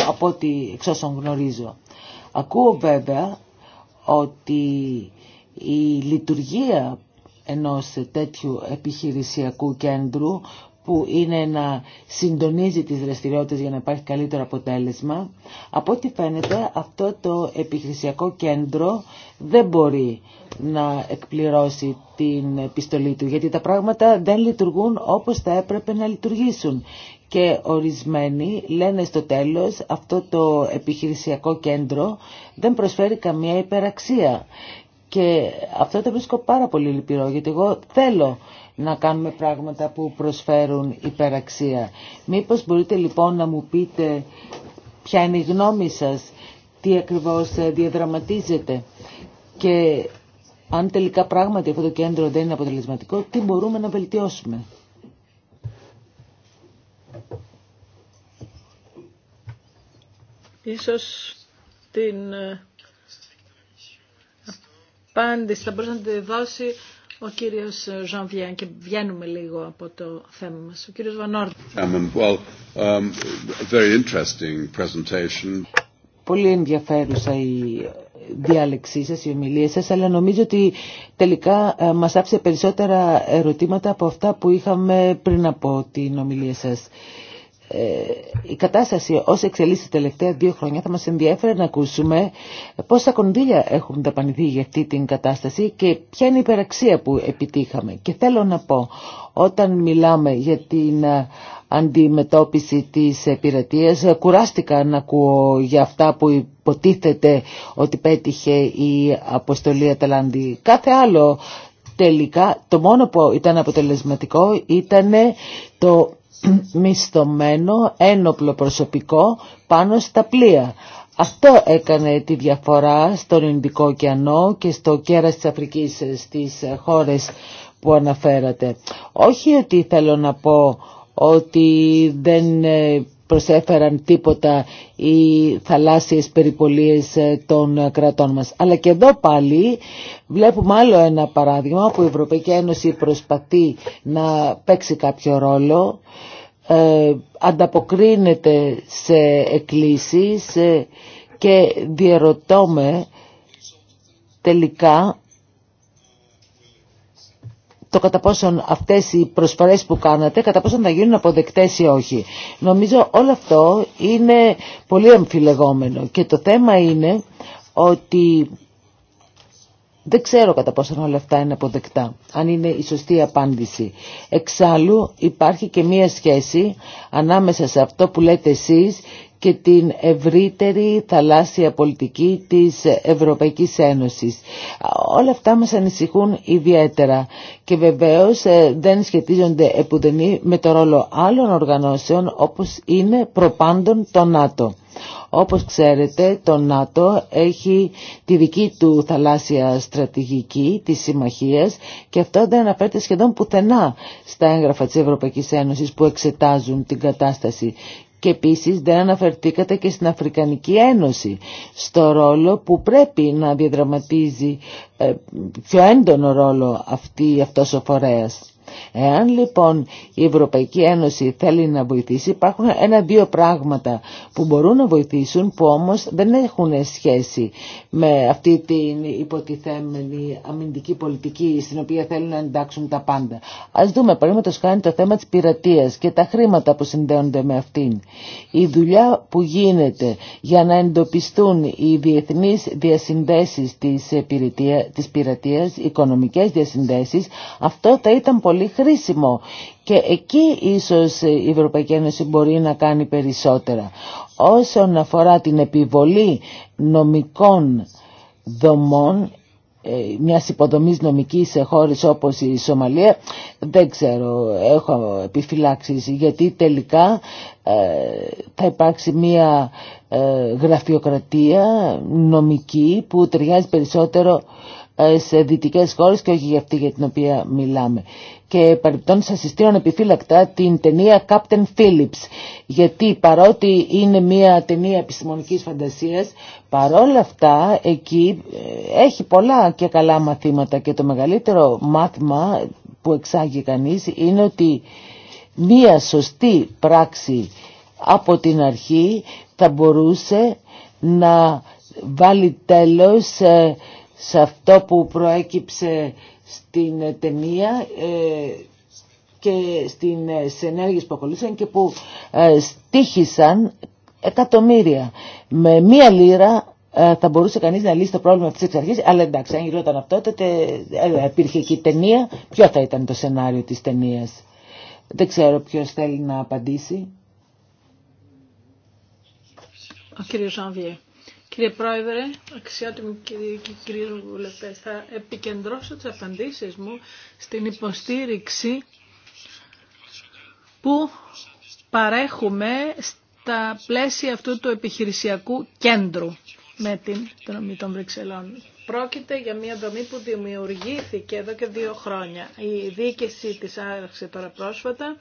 από ό,τι εξ όσων γνωρίζω. Ακούω βέβαια ότι η λειτουργία ενός τέτοιου επιχειρησιακού κέντρου που είναι να συντονίζει τις δραστηριότητες για να υπάρχει καλύτερο αποτέλεσμα. Από ό,τι φαίνεται αυτό το επιχειρησιακό κέντρο δεν μπορεί να εκπληρώσει την επιστολή του γιατί τα πράγματα δεν λειτουργούν όπως θα έπρεπε να λειτουργήσουν και ορισμένοι λένε στο τέλος αυτό το επιχειρησιακό κέντρο δεν προσφέρει καμία υπεραξία και αυτό το βρίσκω πάρα πολύ λυπηρό, γιατί εγώ θέλω να κάνουμε πράγματα που προσφέρουν υπεραξία. Μήπως μπορείτε λοιπόν να μου πείτε ποια είναι η γνώμη σας, τι ακριβώς ε, διαδραματίζεται και αν τελικά πράγματι αυτό το κέντρο δεν είναι αποτελεσματικό, τι μπορούμε να βελτιώσουμε. Ίσως την ε, απάντηση θα μπορούσε να τη δώσει ο κύριος Ζανβιέν και βγαίνουμε λίγο από το θέμα μας. Ο κύριος Βανόρτ. Um, Πολύ ενδιαφέρουσα η διάλεξή σας, η ομιλία σας, αλλά νομίζω ότι τελικά ε, μας άφησε περισσότερα ερωτήματα από αυτά που είχαμε πριν από την ομιλία σας. Ε, η κατάσταση όσο εξελίσσεται τα τελευταία δύο χρόνια θα μας ενδιαφέρει να ακούσουμε πόσα κονδύλια έχουν δαπανηθεί για αυτή την κατάσταση και ποια είναι η υπεραξία που επιτύχαμε. Και θέλω να πω, όταν μιλάμε για την ε, αντιμετώπιση της πειρατεία. Κουράστηκα να ακούω για αυτά που υποτίθεται ότι πέτυχε η αποστολή Αταλάντη. Κάθε άλλο τελικά το μόνο που ήταν αποτελεσματικό ήταν το μισθωμένο ένοπλο προσωπικό πάνω στα πλοία. Αυτό έκανε τη διαφορά στον Ινδικό ωκεανό και στο κέρας της Αφρικής ε, στις ε, χώρες που αναφέρατε. Όχι ότι θέλω να πω ότι δεν ε, προσέφεραν τίποτα οι θαλάσσιες περιπολίες ε, των ε, κρατών μας. Αλλά και εδώ πάλι βλέπουμε άλλο ένα παράδειγμα που η Ευρωπαϊκή Ένωση προσπαθεί να παίξει κάποιο ρόλο, ε, ανταποκρίνεται σε εκκλήσεις και διερωτώμε τελικά το κατά πόσον αυτές οι προσφορές που κάνατε, κατά πόσον θα γίνουν αποδεκτές ή όχι. Νομίζω όλο αυτό είναι πολύ αμφιλεγόμενο και το θέμα είναι ότι δεν ξέρω κατά πόσον όλα αυτά είναι αποδεκτά, αν είναι η σωστή απάντηση. Εξάλλου υπάρχει και μία σχέση ανάμεσα σε αυτό που λέτε εσείς και την ευρύτερη θαλάσσια πολιτική της Ευρωπαϊκής Ένωσης. Όλα αυτά μας ανησυχούν ιδιαίτερα και βεβαίως ε, δεν σχετίζονται επουδενή με το ρόλο άλλων οργανώσεων όπως είναι προπάντων το ΝΑΤΟ. Όπως ξέρετε το ΝΑΤΟ έχει τη δική του θαλάσσια στρατηγική τις συμμαχίας και αυτό δεν αναφέρεται σχεδόν πουθενά στα έγγραφα της Ευρωπαϊκής Ένωσης που εξετάζουν την κατάσταση. Και επίσης δεν αναφερθήκατε και στην Αφρικανική Ένωση, στο ρόλο που πρέπει να διαδραματίζει ε, πιο έντονο ρόλο αυτή, αυτός ο φορέας. Εάν λοιπόν η Ευρωπαϊκή Ένωση θέλει να βοηθήσει υπάρχουν ένα-δύο πράγματα που μπορούν να βοηθήσουν που όμως δεν έχουν σχέση με αυτή την υποτιθέμενη αμυντική πολιτική στην οποία θέλουν να εντάξουν τα πάντα. Ας δούμε παραδείγματος χάνει το θέμα της πειρατείας και τα χρήματα που συνδέονται με αυτήν. Η δουλειά που γίνεται για να εντοπιστούν οι διεθνείς διασυνδέσεις της ε, πειρατείας, οικονομικές διασυνδέσεις, αυτό ήταν πολύ πολύ και εκεί ίσως η Ευρωπαϊκή Ένωση μπορεί να κάνει περισσότερα. Όσον αφορά την επιβολή νομικών δομών, ε, μια υποδομή νομική σε χώρε όπω η Σομαλία, δεν ξέρω, έχω επιφυλάξει γιατί τελικά ε, θα υπάρξει μια ε, γραφειοκρατία νομική που ταιριάζει περισσότερο σε δυτικέ χώρε και όχι για αυτή για την οποία μιλάμε και παρεμπιπτόν σα συστήνω επιφύλακτα την ταινία Captain Phillips γιατί παρότι είναι μια ταινία επιστημονικής φαντασίας παρόλα αυτά εκεί ε, έχει πολλά και καλά μαθήματα και το μεγαλύτερο μάθημα που εξάγει κανείς είναι ότι μια σωστή πράξη από την αρχή θα μπορούσε να βάλει τέλος ε, σε αυτό που προέκυψε στην ταινία ε, και στην ε, ενέργειες που ακολούθησαν και που ε, στήχησαν εκατομμύρια. Με μία λίρα θα μπορούσε κανείς να λύσει το πρόβλημα της εξαρχής, αλλά εντάξει, αν γινόταν αυτό, τότε υπήρχε εκεί ταινία. Ποιο θα ήταν το σενάριο της ταινία. Δεν ξέρω ποιος θέλει να απαντήσει. Ο κύριος Ζανβιέ. Κύριε Πρόεδρε, αξιότιμοι κύριοι και κύριοι βουλευτέ, θα επικεντρώσω τι απαντήσει μου στην υποστήριξη που παρέχουμε στα πλαίσια αυτού του επιχειρησιακού κέντρου με την δομή των Βρυξελών. Πρόκειται για μια δομή που δημιουργήθηκε εδώ και δύο χρόνια. Η διοίκηση της άρχισε τώρα πρόσφατα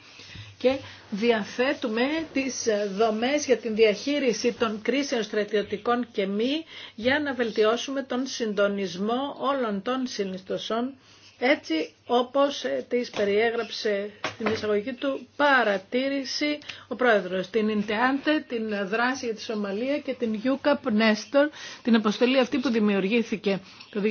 και διαθέτουμε τις ε, δομές για την διαχείριση των κρίσεων στρατιωτικών και μη για να βελτιώσουμε τον συντονισμό όλων των συνιστοσών έτσι όπως ε, τις περιέγραψε την εισαγωγή του παρατήρηση ο πρόεδρος, την Ιντεάντε, την δράση για τη Σομαλία και την UCAP Νέστορ, την αποστολή αυτή που δημιουργήθηκε το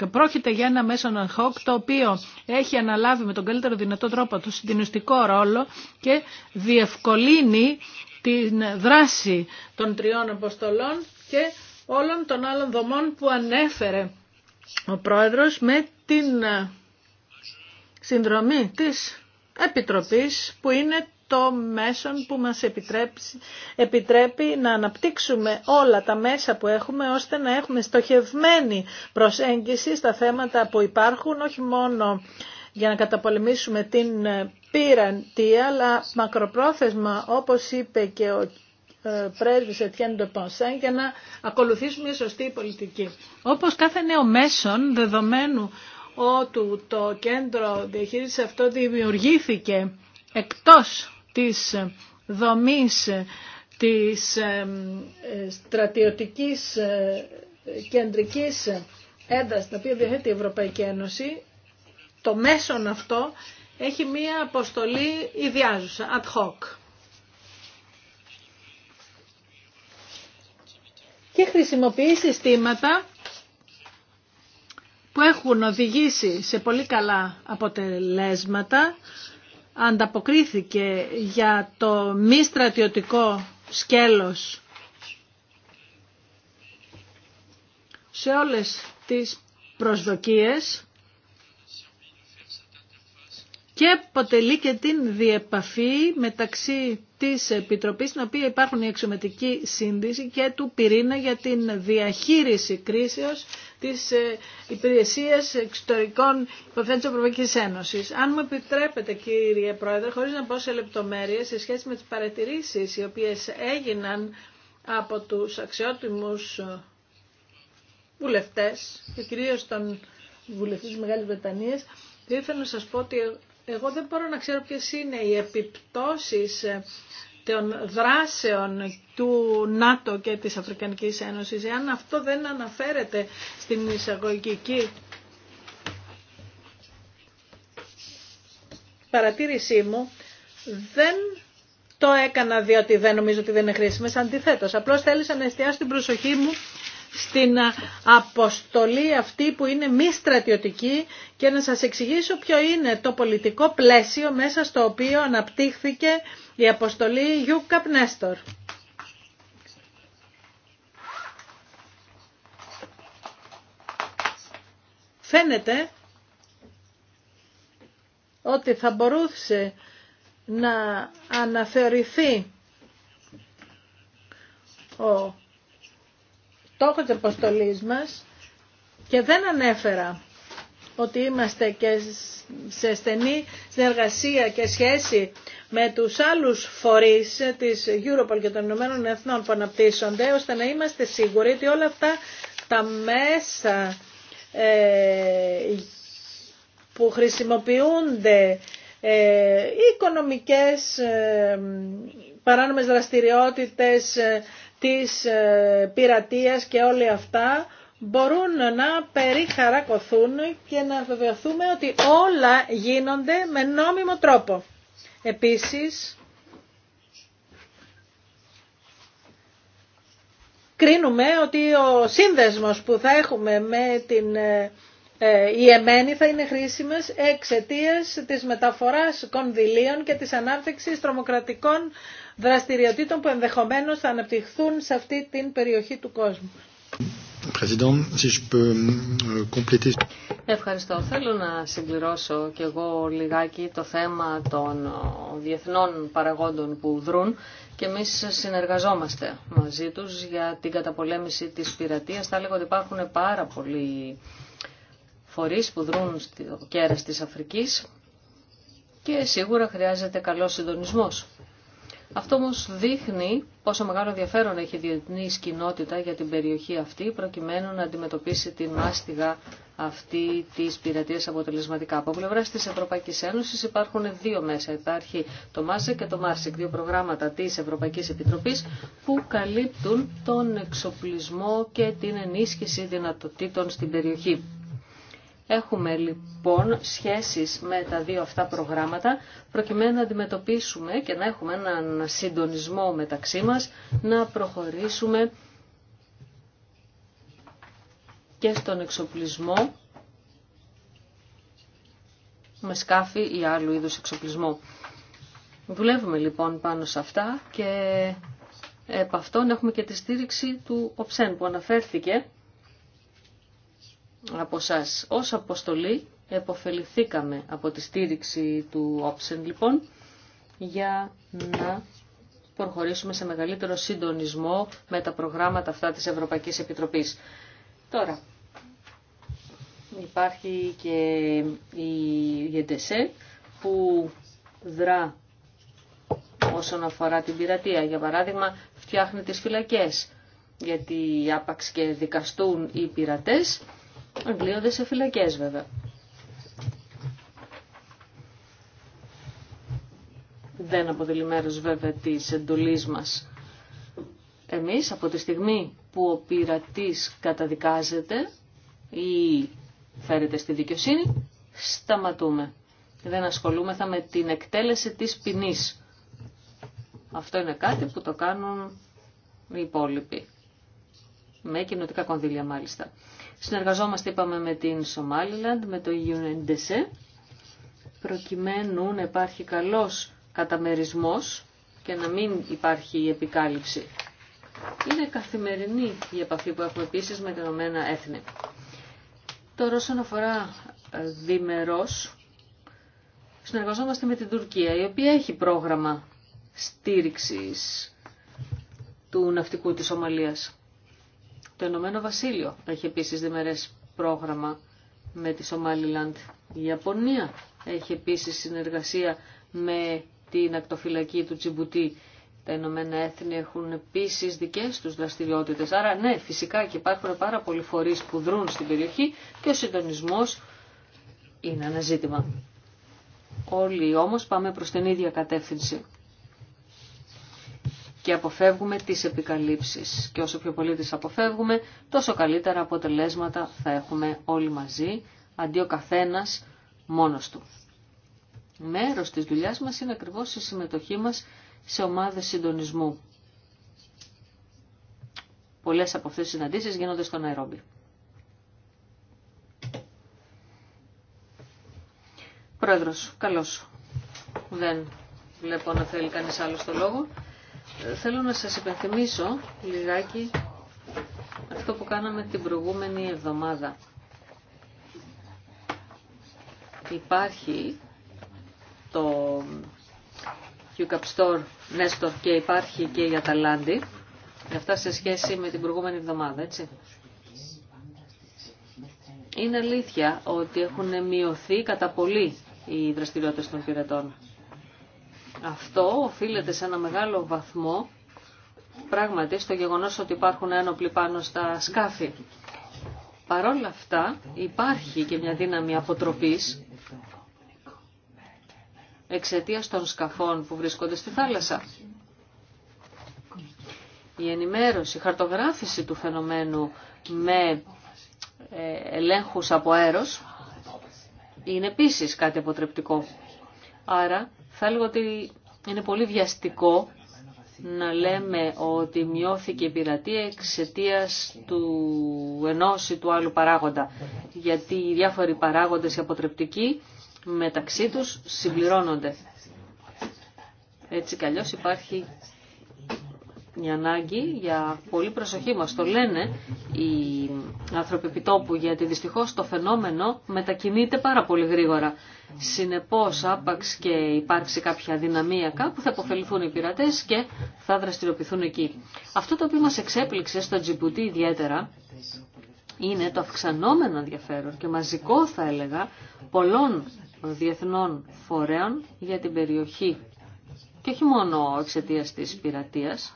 2012. Πρόκειται για ένα μέσο ad το οποίο έχει αναλάβει με τον καλύτερο δυνατό τρόπο το συντηνιστικό ρόλο και διευκολύνει την δράση των τριών αποστολών και όλων των άλλων δομών που ανέφερε ο πρόεδρος με την ε, συνδρομή της Επιτροπής που είναι το μέσον που μας επιτρέπει να αναπτύξουμε όλα τα μέσα που έχουμε ώστε να έχουμε στοχευμένη προσέγγιση στα θέματα που υπάρχουν όχι μόνο για να καταπολεμήσουμε την ε, πειραντία αλλά μακροπρόθεσμα όπως είπε και ο ε, σε Ετιέν για να ακολουθήσουμε μια σωστή πολιτική. Όπως κάθε νέο μέσον, δεδομένου ότι το κέντρο διαχείρισης αυτό δημιουργήθηκε εκτός της δομής της ε, ε, στρατιωτικής κεντρικής ένταση την οποία διαθέτει η Ευρωπαϊκή Ένωση, το μέσον αυτό έχει μία αποστολή ιδιάζουσα, ad hoc. και χρησιμοποιεί συστήματα που έχουν οδηγήσει σε πολύ καλά αποτελέσματα. Ανταποκρίθηκε για το μη στρατιωτικό σκέλος σε όλες τις προσδοκίες και αποτελεί και την διεπαφή μεταξύ της Επιτροπής, στην οποία υπάρχουν οι εξωματικοί σύνδεση και του πυρήνα για την διαχείριση κρίσεως της ε, Υπηρεσίας Εξωτερικών Υποθέσεων της Ευρωπαϊκής Ένωσης. Αν μου επιτρέπετε κύριε Πρόεδρε, χωρίς να πω σε λεπτομέρειες, σε σχέση με τις παρατηρήσεις οι οποίες έγιναν από τους αξιότιμους ε, βουλευτές και κυρίως των βουλευτής της Μεγάλης Βρετανίας, ήθελα να σας πω ότι εγώ δεν μπορώ να ξέρω ποιες είναι οι επιπτώσεις ε, των δράσεων του ΝΑΤΟ και της Αφρικανικής Ένωσης, εάν αυτό δεν αναφέρεται στην εισαγωγική παρατήρησή μου, δεν το έκανα διότι δεν νομίζω ότι δεν είναι χρήσιμες, αντιθέτως, απλώς θέλησα να εστιάσω την προσοχή μου στην αποστολή αυτή που είναι μη στρατιωτική και να σας εξηγήσω ποιο είναι το πολιτικό πλαίσιο μέσα στο οποίο αναπτύχθηκε η αποστολή Ιού Καπνέστορ. Φαίνεται ότι θα μπορούσε να αναθεωρηθεί ο στόχο της αποστολής μας και δεν ανέφερα ότι είμαστε και σε στενή συνεργασία και σχέση με τους άλλους φορείς της Europol και των Ηνωμένων Εθνών που αναπτύσσονται, ώστε να είμαστε σίγουροι ότι όλα αυτά τα μέσα ε, που χρησιμοποιούνται οι ε, οικονομικές ε, παράνομες δραστηριότητες, της ε, πειρατείας και όλα αυτά μπορούν να περιχαρακωθούν και να βεβαιωθούμε ότι όλα γίνονται με νόμιμο τρόπο. Επίσης, κρίνουμε ότι ο σύνδεσμος που θα έχουμε με την ε, ε, η εμένη θα είναι χρήσιμες εξαιτίας της μεταφοράς κονδυλίων και της ανάπτυξης τρομοκρατικών δραστηριοτήτων που ενδεχομένως θα αναπτυχθούν σε αυτή την περιοχή του κόσμου. Euh, Ευχαριστώ. Θέλω να συμπληρώσω και εγώ λιγάκι το θέμα των διεθνών παραγόντων που δρούν και εμείς συνεργαζόμαστε μαζί τους για την καταπολέμηση της πειρατείας. Θα έλεγα ότι υπάρχουν πάρα πολλοί φορείς που δρούν στο κέρας της Αφρικής και σίγουρα χρειάζεται καλός συντονισμός. Αυτό όμω δείχνει πόσο μεγάλο ενδιαφέρον έχει η διεθνή κοινότητα για την περιοχή αυτή προκειμένου να αντιμετωπίσει την μάστιγα αυτή τη πειρατεία αποτελεσματικά. Από πλευρά τη Ευρωπαϊκή Ένωση υπάρχουν δύο μέσα. Υπάρχει το ΜΑΣΕ και το ΜΑΣΕΚ, δύο προγράμματα τη Ευρωπαϊκή Επιτροπή που καλύπτουν τον εξοπλισμό και την ενίσχυση δυνατοτήτων στην περιοχή. Έχουμε λοιπόν σχέσεις με τα δύο αυτά προγράμματα προκειμένου να αντιμετωπίσουμε και να έχουμε έναν συντονισμό μεταξύ μας, να προχωρήσουμε και στον εξοπλισμό με σκάφη ή άλλου είδους εξοπλισμό. Δουλεύουμε λοιπόν πάνω σε αυτά και από αυτόν έχουμε και τη στήριξη του ΟΨΕΝ που αναφέρθηκε από σας Ως αποστολή εποφεληθήκαμε από τη στήριξη του Όψεν λοιπόν για να προχωρήσουμε σε μεγαλύτερο συντονισμό με τα προγράμματα αυτά της Ευρωπαϊκής Επιτροπής. Τώρα, υπάρχει και η ΓΕΤΕΣΕ που δρά όσον αφορά την πειρατεία. Για παράδειγμα, φτιάχνει τις φυλακές, γιατί άπαξ και δικαστούν οι πειρατές εγκλείονται σε φυλακές βέβαια. Δεν αποτελεί μέρο βέβαια τη εντολή μας. Εμείς από τη στιγμή που ο πειρατή καταδικάζεται ή φέρεται στη δικαιοσύνη, σταματούμε. Δεν ασχολούμεθα με την εκτέλεση της ποινή. Αυτό είναι κάτι που το κάνουν οι υπόλοιποι. Με κοινωτικά κονδύλια μάλιστα. Συνεργαζόμαστε, είπαμε, με την Somaliland, με το UNDC, προκειμένου να υπάρχει καλός καταμερισμός και να μην υπάρχει επικάλυψη. Είναι καθημερινή η επαφή που έχουμε επίσης με τα Ηνωμένα Έθνη. Τώρα όσον αφορά ε, διμερός, συνεργαζόμαστε με την Τουρκία, η οποία έχει πρόγραμμα στήριξης του ναυτικού της Ομαλίας. Το Ηνωμένο Βασίλειο έχει επίσης διμερές πρόγραμμα με τη Σομάλιλαντ. Η Ιαπωνία έχει επίσης συνεργασία με την ακτοφυλακή του Τσιμπουτή. Τα Ηνωμένα Έθνη έχουν επίσης δικές τους δραστηριότητες. Άρα ναι, φυσικά και υπάρχουν πάρα πολλοί φορείς που δρούν στην περιοχή και ο συντονισμός είναι ένα ζήτημα. Όλοι όμως πάμε προς την ίδια κατεύθυνση και αποφεύγουμε τις επικαλύψεις. Και όσο πιο πολύ τις αποφεύγουμε, τόσο καλύτερα αποτελέσματα θα έχουμε όλοι μαζί, αντί ο καθένας μόνος του. Μέρος της δουλειάς μας είναι ακριβώς η συμμετοχή μας σε ομάδες συντονισμού. Πολλές από αυτές τις συναντήσεις γίνονται στον αερόμπι. Πρόεδρος, καλώς. Δεν βλέπω να θέλει κανείς άλλο το λόγο. Ε, θέλω να σας υπενθυμίσω λιγάκι αυτό που κάναμε την προηγούμενη εβδομάδα. Υπάρχει το Q-Cup Store Nestor και υπάρχει και για τα Λάντι. Αυτά σε σχέση με την προηγούμενη εβδομάδα, έτσι. Είναι αλήθεια ότι έχουν μειωθεί κατά πολύ οι δραστηριότητες των πυρετών. Αυτό οφείλεται σε ένα μεγάλο βαθμό πράγματι στο γεγονός ότι υπάρχουν ένοπλοι πάνω στα σκάφη. παρόλα αυτά υπάρχει και μια δύναμη αποτροπής εξαιτία των σκαφών που βρίσκονται στη θάλασσα. Η ενημέρωση, η χαρτογράφηση του φαινομένου με ε, ελέγχους από αέρος είναι επίσης κάτι αποτρεπτικό. Άρα θα έλεγα ότι είναι πολύ βιαστικό να λέμε ότι μειώθηκε η πειρατεία εξαιτία του ενό ή του άλλου παράγοντα. Γιατί οι διάφοροι παράγοντες οι αποτρεπτικοί μεταξύ τους συμπληρώνονται. Έτσι καλώς υπάρχει η ανάγκη για πολύ προσοχή μας. Το λένε οι άνθρωποι επιτόπου γιατί δυστυχώς το φαινόμενο μετακινείται πάρα πολύ γρήγορα. Συνεπώς άπαξ και υπάρξει κάποια δυναμία κάπου θα αποφεληθούν οι πειρατές και θα δραστηριοποιηθούν εκεί. Αυτό το οποίο μας εξέπληξε στο Τζιμπουτί ιδιαίτερα είναι το αυξανόμενο ενδιαφέρον και μαζικό θα έλεγα πολλών διεθνών φορέων για την περιοχή και όχι μόνο εξαιτία της πειρατείας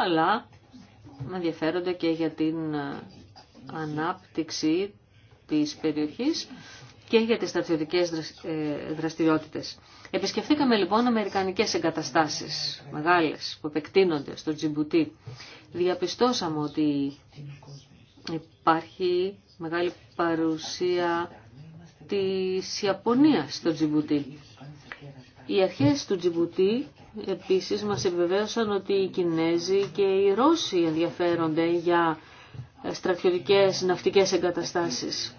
αλλά ενδιαφέρονται και για την ε, ανάπτυξη της περιοχής και για τις στρατιωτικές ε, δραστηριότητες. Επισκεφθήκαμε λοιπόν αμερικανικές εγκαταστάσεις, μεγάλες, που επεκτείνονται στο Τζιμπουτί. Διαπιστώσαμε ότι υπάρχει μεγάλη παρουσία της Ιαπωνίας στο Τζιμπουτί. Οι αρχές του Τζιμπουτί επίσης μας επιβεβαίωσαν ότι οι Κινέζοι και οι Ρώσοι ενδιαφέρονται για στρατιωτικές ναυτικές εγκαταστάσεις.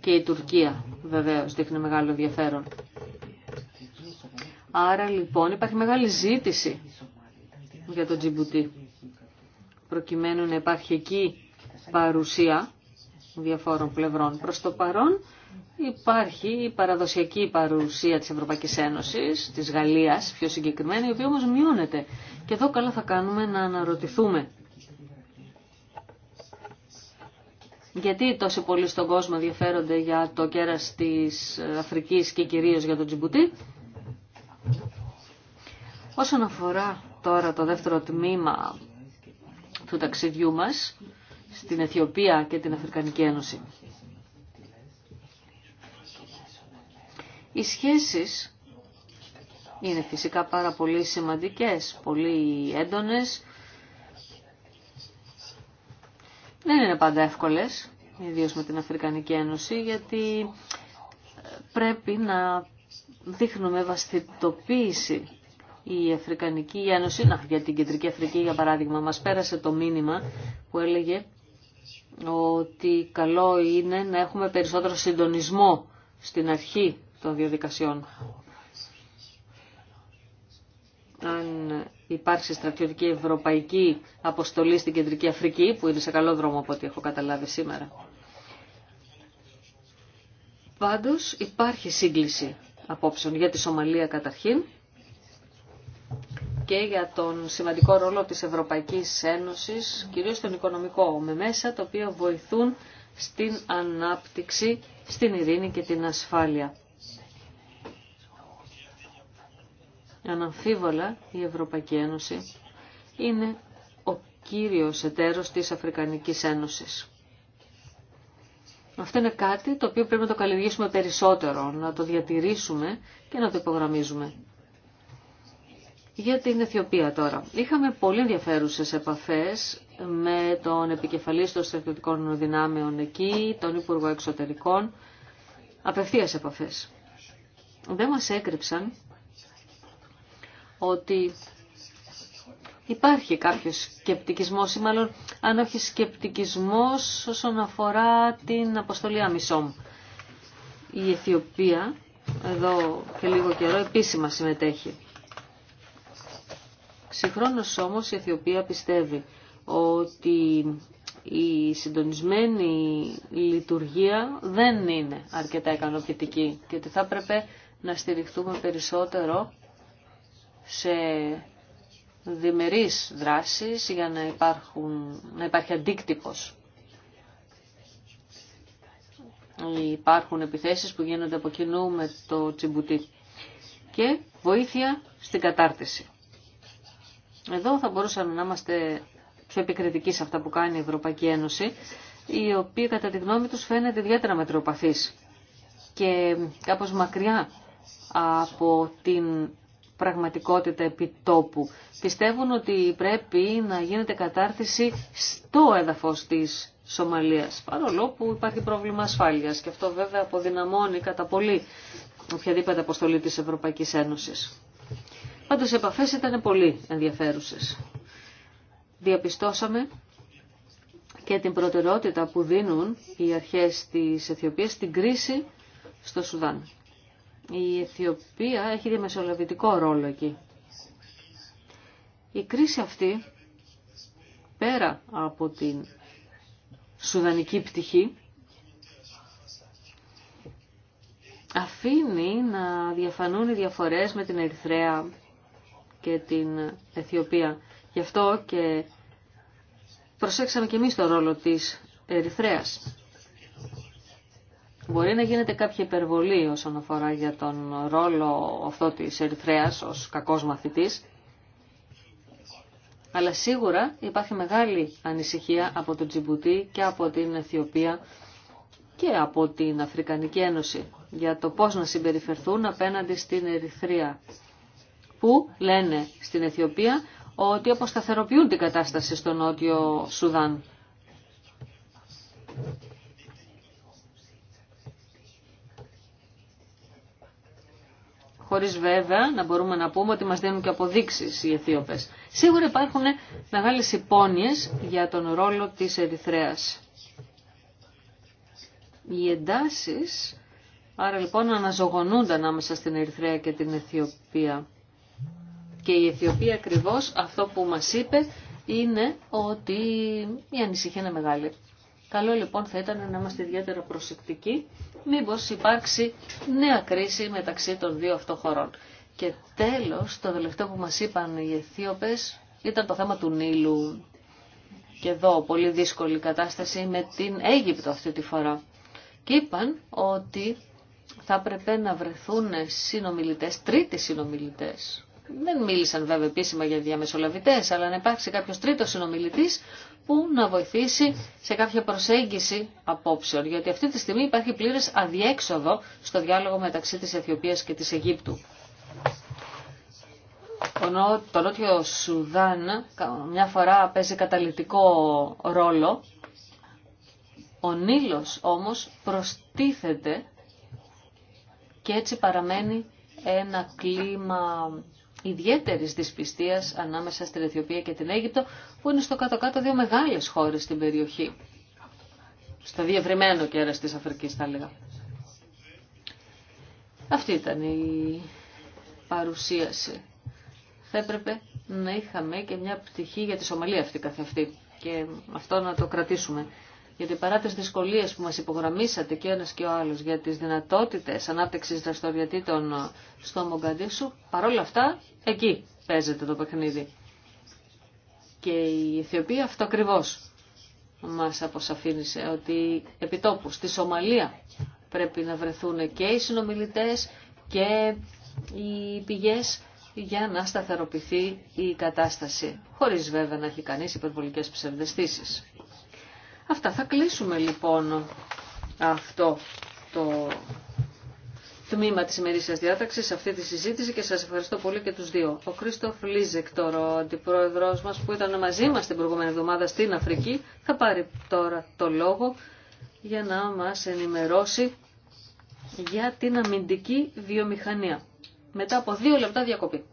Και η Τουρκία βεβαίως δείχνει μεγάλο ενδιαφέρον. Άρα λοιπόν υπάρχει μεγάλη ζήτηση για το Τζιμπουτί. Προκειμένου να υπάρχει εκεί παρουσία διαφόρων πλευρών. Προς το παρόν Υπάρχει η παραδοσιακή παρουσία της Ευρωπαϊκής Ένωσης, της Γαλλίας πιο συγκεκριμένα, η οποία όμως μειώνεται. Και εδώ καλά θα κάνουμε να αναρωτηθούμε. Γιατί τόσοι πολλοί στον κόσμο ενδιαφέρονται για το κέρας της Αφρικής και κυρίως για τον Τζιμπουτί. Όσον αφορά τώρα το δεύτερο τμήμα του ταξιδιού μας στην Αιθιοπία και την Αφρικανική Ένωση. Οι σχέσεις είναι φυσικά πάρα πολύ σημαντικές, πολύ έντονες. Δεν είναι πάντα εύκολες, ιδίω με την Αφρικανική Ένωση, γιατί ε, πρέπει να δείχνουμε βαστιτοποίηση η Αφρικανική Ένωση, να, για την Κεντρική Αφρική για παράδειγμα, μας πέρασε το μήνυμα που έλεγε ότι καλό είναι να έχουμε περισσότερο συντονισμό στην αρχή των διαδικασιών. Αν υπάρξει στρατιωτική ευρωπαϊκή αποστολή στην Κεντρική Αφρική, που είναι σε καλό δρόμο από ό,τι έχω καταλάβει σήμερα. Πάντως υπάρχει σύγκληση απόψεων για τη Σομαλία καταρχήν και για τον σημαντικό ρόλο της Ευρωπαϊκής Ένωσης, κυρίως τον οικονομικό, με μέσα τα οποία βοηθούν στην ανάπτυξη, στην ειρήνη και την ασφάλεια. Αναμφίβολα η Ευρωπαϊκή Ένωση είναι ο κύριος εταίρος της Αφρικανικής Ένωσης. Αυτό είναι κάτι το οποίο πρέπει να το καλλιεργήσουμε περισσότερο, να το διατηρήσουμε και να το υπογραμμίζουμε. Για την Αιθιοπία τώρα. Είχαμε πολύ ενδιαφέρουσε επαφές με τον επικεφαλής των στρατιωτικών δυνάμεων εκεί, τον Υπουργό Εξωτερικών, Απευθεία επαφές. Δεν μα έκρυψαν ότι υπάρχει κάποιος σκεπτικισμός ή μάλλον αν όχι σκεπτικισμός όσον αφορά την αποστολή Αμισόμ. Η Αιθιοπία εδώ και λίγο καιρό επίσημα συμμετέχει. Συγχρόνως όμως η Αιθιοπία πιστεύει ότι η συντονισμένη λειτουργία δεν είναι αρκετά ικανοποιητική και ότι θα έπρεπε να στηριχτούμε περισσότερο σε διμερείς δράσεις για να, υπάρχουν, να υπάρχει αντίκτυπος. Υπάρχουν επιθέσεις που γίνονται από κοινού με το τσιμπουτί και βοήθεια στην κατάρτιση. Εδώ θα μπορούσαμε να είμαστε πιο επικριτικοί σε αυτά που κάνει η Ευρωπαϊκή Ένωση, η οποία κατά τη γνώμη τους φαίνεται ιδιαίτερα μετροπαθής και κάπως μακριά από την πραγματικότητα επιτόπου. Πιστεύουν ότι πρέπει να γίνεται κατάρτιση στο έδαφος της Σομαλίας, παρόλο που υπάρχει πρόβλημα ασφάλειας και αυτό βέβαια αποδυναμώνει κατά πολύ οποιαδήποτε αποστολή της Ευρωπαϊκής Ένωσης. Πάντως οι επαφές ήταν πολύ ενδιαφέρουσες. Διαπιστώσαμε και την προτεραιότητα που δίνουν οι αρχές της Αιθιοπίας στην κρίση στο Σουδάν. Η Αιθιοπία έχει διαμεσολαβητικό ρόλο εκεί. Η κρίση αυτή, πέρα από την σουδανική πτυχή, αφήνει να διαφανούν οι διαφορές με την Ερυθρέα και την Αιθιοπία. Γι' αυτό και προσέξαμε και εμείς το ρόλο της Ερυθρέας. Μπορεί να γίνεται κάποια υπερβολή όσον αφορά για τον ρόλο αυτό της Ερυθρέας ως κακός μαθητής, αλλά σίγουρα υπάρχει μεγάλη ανησυχία από τον Τζιμπουτί και από την Αιθιοπία και από την Αφρικανική Ένωση για το πώς να συμπεριφερθούν απέναντι στην Ερυθρία που λένε στην Αιθιοπία ότι αποσταθεροποιούν την κατάσταση στο Νότιο Σουδάν. χωρίς βέβαια να μπορούμε να πούμε ότι μας δίνουν και αποδείξεις οι Αιθίωπες. Σίγουρα υπάρχουν μεγάλες υπόνοιες για τον ρόλο της Ερυθρέας. Οι εντάσεις, άρα λοιπόν αναζωογονούνται άμεσα στην Ερυθρέα και την Αιθιοπία. Και η Αιθιοπία ακριβώ αυτό που μας είπε είναι ότι η ανησυχία είναι μεγάλη. Καλό λοιπόν θα ήταν να είμαστε ιδιαίτερα προσεκτικοί μήπως υπάρξει νέα κρίση μεταξύ των δύο αυτών χωρών. Και τέλος, το τελευταίο που μας είπαν οι Αιθίωπες ήταν το θέμα του Νείλου. Και εδώ πολύ δύσκολη κατάσταση με την Αίγυπτο αυτή τη φορά. Και είπαν ότι θα πρέπει να βρεθούν συνομιλητές, τρίτοι συνομιλητές, δεν μίλησαν βέβαια επίσημα για διαμεσολαβητές, αλλά να υπάρξει κάποιος τρίτος συνομιλητής που να βοηθήσει σε κάποια προσέγγιση απόψεων. Γιατί αυτή τη στιγμή υπάρχει πλήρες αδιέξοδο στο διάλογο μεταξύ της Αιθιοπίας και της Αιγύπτου. Το Νότιο Σουδάν μια φορά παίζει καταλητικό ρόλο. Ο Νείλος όμως προστίθεται και έτσι παραμένει ένα κλίμα ιδιαίτερη δυσπιστία ανάμεσα στην Αιθιοπία και την Αίγυπτο, που είναι στο κάτω-κάτω δύο μεγάλε χώρε στην περιοχή. Στο διευρυμένο κέρα τη Αφρική θα έλεγα. Αυτή ήταν η παρουσίαση. Θα έπρεπε να είχαμε και μια πτυχή για τη Σομαλία αυτή καθ' αυτή και αυτό να το κρατήσουμε γιατί παρά τις δυσκολίες που μας υπογραμμίσατε και ο ένας και ο άλλος για τις δυνατότητες ανάπτυξης δραστηριοτήτων στο Μογκαντήσου, παρόλα αυτά εκεί παίζεται το παιχνίδι. Και η Αιθιοπία αυτό ακριβώ μας αποσαφήνισε ότι επιτόπου στη Σομαλία πρέπει να βρεθούν και οι συνομιλητές και οι πηγές για να σταθεροποιηθεί η κατάσταση, χωρίς βέβαια να έχει κανείς υπερβολικές ψευδεστήσεις. Αυτά θα κλείσουμε λοιπόν αυτό το τμήμα της ημερήσιας διάταξης αυτή τη συζήτηση και σας ευχαριστώ πολύ και τους δύο. Ο Κρίστοφ Λίζεκ τώρα, ο αντιπρόεδρος μας που ήταν μαζί μας την προηγούμενη εβδομάδα στην Αφρική, θα πάρει τώρα το λόγο για να μας ενημερώσει για την αμυντική βιομηχανία. Μετά από δύο λεπτά διακοπή.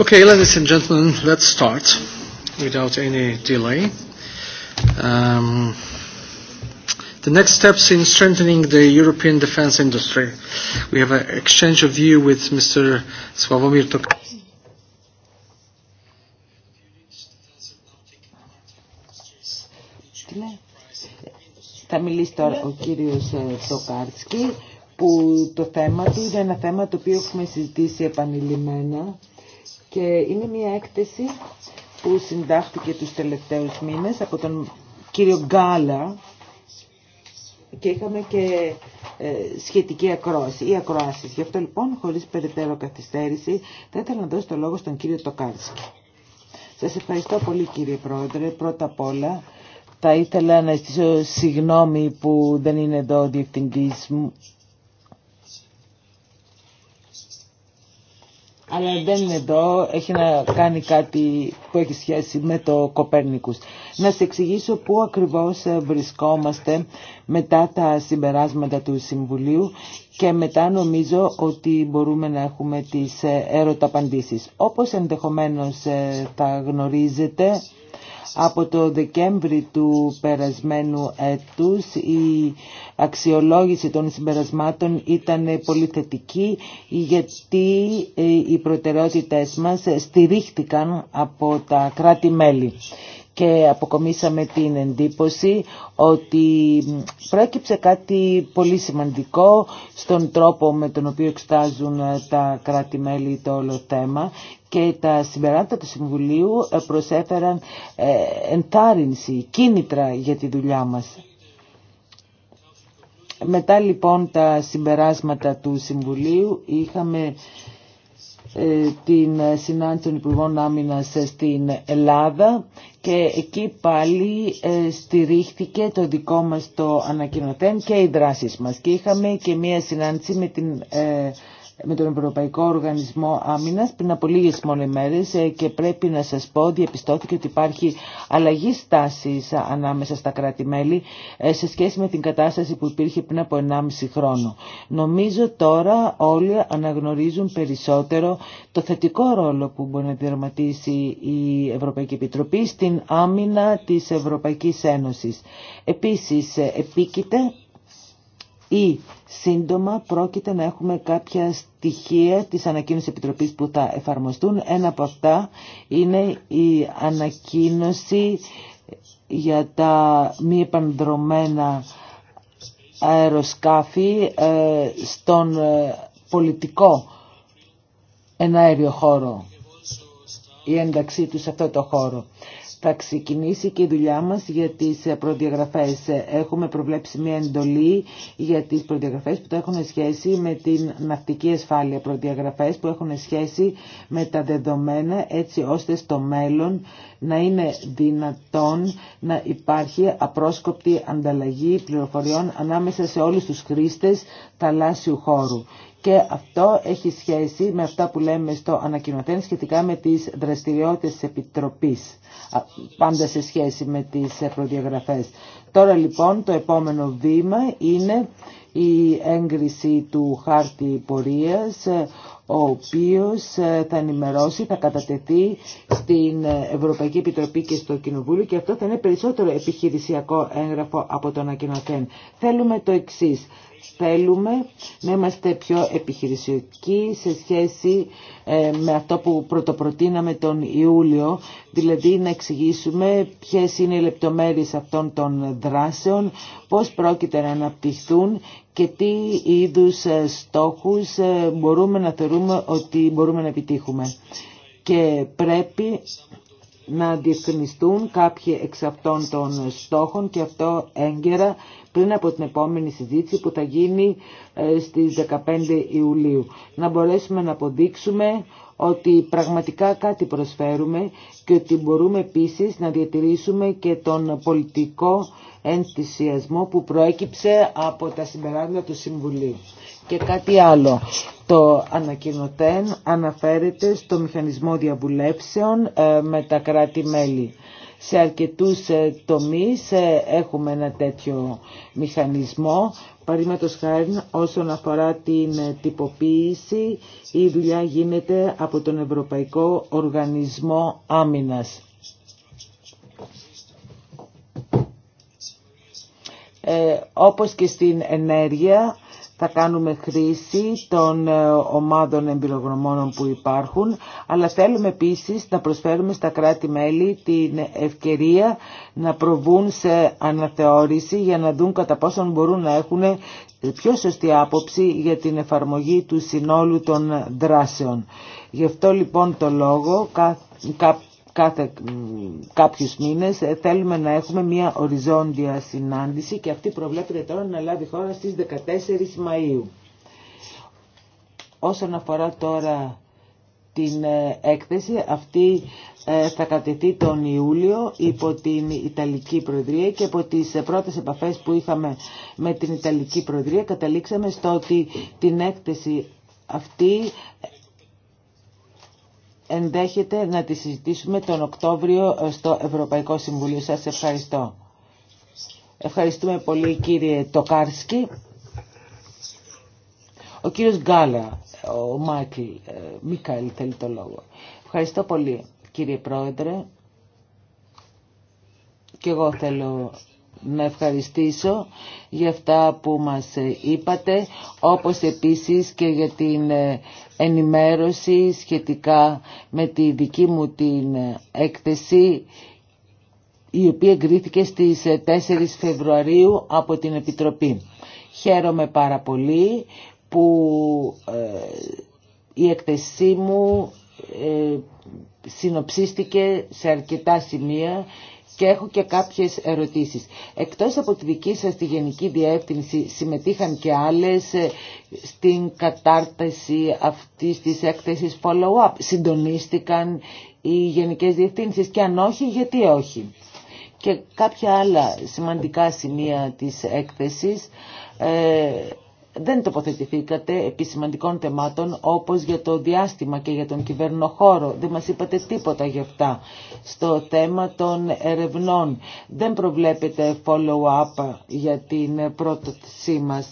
Okay, ladies and gentlemen, let's start without any delay. Um, the next steps in strengthening the European defense industry. We have an exchange of view with Mr. Sławomir Tok. Θα μιλήσει τώρα ο κύριος Τοκάρτσκι που το θέμα του είναι ένα θέμα το οποίο έχουμε συζητήσει επανειλημμένα και είναι μια έκθεση που συντάχθηκε τους τελευταίους μήνες από τον κύριο Γκάλα και είχαμε και ε, σχετική ακρόαση ή ακροάσεις. Γι' αυτό λοιπόν, χωρίς περαιτέρω καθυστέρηση, θα ήθελα να δώσω το λόγο στον κύριο Τοκάρσκι. Σας ευχαριστώ πολύ κύριε Πρόεδρε. Πρώτα απ' όλα θα ήθελα να ζητήσω συγγνώμη που δεν είναι εδώ ο διευθυντής μου αλλά δεν είναι εδώ, έχει να κάνει κάτι που έχει σχέση με το Κοπέρνικους. Να σε εξηγήσω πού ακριβώς ε, βρισκόμαστε μετά τα συμπεράσματα του Συμβουλίου και μετά νομίζω ότι μπορούμε να έχουμε τις ερωταπαντήσεις. Όπως ενδεχομένως τα ε, γνωρίζετε, από το Δεκέμβρη του περασμένου έτους η αξιολόγηση των συμπερασμάτων ήταν πολύ θετική γιατί ε, οι προτεραιότητες μας στηρίχτηκαν από τα κράτη-μέλη και αποκομίσαμε την εντύπωση ότι πρόκειψε κάτι πολύ σημαντικό στον τρόπο με τον οποίο εξτάζουν τα κράτη-μέλη το όλο θέμα και τα συμπεράσματα του Συμβουλίου ε, προσέφεραν ε, ενθάρρυνση, κίνητρα για τη δουλειά μας. Μετά λοιπόν τα συμπεράσματα του Συμβουλίου είχαμε ε, την συνάντηση των Υπουργών Άμυνας στην Ελλάδα και εκεί πάλι στηρίχθηκε το δικό μας το ανακοινωτέν και οι δράσεις μας και είχαμε και μία συνάντηση με την με τον Ευρωπαϊκό Οργανισμό Άμυνας πριν από λίγες μόνο ημέρες ε, και πρέπει να σας πω διαπιστώθηκε ότι υπάρχει αλλαγή στάσης ανάμεσα στα κράτη-μέλη ε, σε σχέση με την κατάσταση που υπήρχε πριν από 1,5 χρόνο. Νομίζω τώρα όλοι αναγνωρίζουν περισσότερο το θετικό ρόλο που μπορεί να διαρματίσει η Ευρωπαϊκή Επιτροπή στην άμυνα της Ευρωπαϊκής Ένωσης. Επίσης, ε, επίκειται ή σύντομα πρόκειται να έχουμε κάποια στοιχεία της ανακοίνωσης επιτροπής που θα εφαρμοστούν. Ένα από αυτά είναι η ανακοίνωση για τα μη επανδρομένα αεροσκάφη ε, στον ε, πολιτικό εναέριο χώρο, η ένταξή του σε αυτό το χώρο θα ξεκινήσει και η δουλειά μας για τις ε, προδιαγραφές. Έχουμε προβλέψει μια εντολή για τις προδιαγραφές που έχουν σχέση με την ναυτική ασφάλεια. Προδιαγραφές που έχουν σχέση με τα δεδομένα έτσι ώστε στο μέλλον να είναι δυνατόν να υπάρχει απρόσκοπτη ανταλλαγή πληροφοριών ανάμεσα σε όλους τους χρήστες θαλάσσιου χώρου. Και αυτό έχει σχέση με αυτά που λέμε στο ανακοινωτέν σχετικά με τις δραστηριότητες της Επιτροπής, πάντα σε σχέση με τις προδιαγραφές. Τώρα λοιπόν το επόμενο βήμα είναι η έγκριση του χάρτη πορείας, ο οποίος ε, θα ενημερώσει, θα κατατεθεί στην Ευρωπαϊκή Επιτροπή και στο Κοινοβούλιο και αυτό θα είναι περισσότερο επιχειρησιακό έγγραφο από το ανακοινωτέν. Θέλουμε το εξής, Θέλουμε να είμαστε πιο επιχειρησιακοί σε σχέση ε, με αυτό που πρωτοπροτείναμε τον Ιούλιο, δηλαδή να εξηγήσουμε ποιες είναι οι λεπτομέρειες αυτών των δράσεων, πώς πρόκειται να αναπτυχθούν και τι είδους ε, στόχους ε, μπορούμε να θεωρούμε ότι μπορούμε να επιτύχουμε. Και πρέπει να διευκρινιστούν κάποιοι εξ αυτών των στόχων και αυτό έγκαιρα πριν από την επόμενη συζήτηση που θα γίνει ε, στις 15 Ιουλίου. Να μπορέσουμε να αποδείξουμε ότι πραγματικά κάτι προσφέρουμε και ότι μπορούμε επίσης να διατηρήσουμε και τον πολιτικό ενθουσιασμό που προέκυψε από τα συμπεράσματα του Συμβουλίου. Και κάτι άλλο. Το ανακοινωτέν αναφέρεται στο μηχανισμό διαβουλεύσεων ε, με τα κράτη-μέλη. Σε αρκετούς ε, τομείς ε, έχουμε ένα τέτοιο μηχανισμό. Παρήματος χάρη όσον αφορά την τυποποίηση, η δουλειά γίνεται από τον Ευρωπαϊκό Οργανισμό Άμυνας. Ε, όπως και στην ενέργεια, θα κάνουμε χρήση των ε, ομάδων εμπειρογνωμόνων που υπάρχουν, αλλά θέλουμε επίσης να προσφέρουμε στα κράτη-μέλη την ευκαιρία να προβούν σε αναθεώρηση για να δουν κατά πόσον μπορούν να έχουν πιο σωστή άποψη για την εφαρμογή του συνόλου των δράσεων. Γι' αυτό λοιπόν το λόγο κάθε κάποιους μήνες ε, θέλουμε να έχουμε μια οριζόντια συνάντηση και αυτή προβλέπεται τώρα να λάβει χώρα στις 14 Μαΐου. Όσον αφορά τώρα την ε, έκθεση, αυτή ε, θα κατεθεί τον Ιούλιο υπό την Ιταλική Προεδρία και από τις πρώτες επαφές που είχαμε με την Ιταλική Προεδρία καταλήξαμε στο ότι την έκθεση αυτή ενδέχεται να τη συζητήσουμε τον Οκτώβριο ε, στο Ευρωπαϊκό Συμβουλίο. Σας ευχαριστώ. Ευχαριστούμε πολύ κύριε Τοκάρσκι. Ο κύριος Γκάλα, ο Μάικλ, ε, Μίκαλ θέλει το λόγο. Ευχαριστώ πολύ κύριε Πρόεδρε. Και εγώ θέλω να ευχαριστήσω για αυτά που μας ε, είπατε, όπως επίσης και για την ε, ενημέρωση σχετικά με τη δική μου την ε, έκθεση η οποία εγκρίθηκε στις 4 Φεβρουαρίου από την Επιτροπή. Χαίρομαι πάρα πολύ που η έκθεσή μου συνοψίστηκε σε αρκετά σημεία και έχω και κάποιες ερωτήσεις. Εκτός από τη δική σας τη Γενική Διεύθυνση συμμετείχαν και άλλες ε, στην κατάρτιση αυτής της έκθεσης follow-up. Συντονίστηκαν οι Γενικές Διευθύνσεις και αν όχι γιατί όχι. Και κάποια άλλα σημαντικά σημεία της έκθεσης ε, δεν τοποθετηθήκατε επί σημαντικών θεμάτων όπως για το διάστημα και για τον κυβερνοχώρο. Δεν μας είπατε τίποτα γι' αυτά. Στο θέμα των ερευνών δεν προβλέπετε follow-up για την πρόταση μας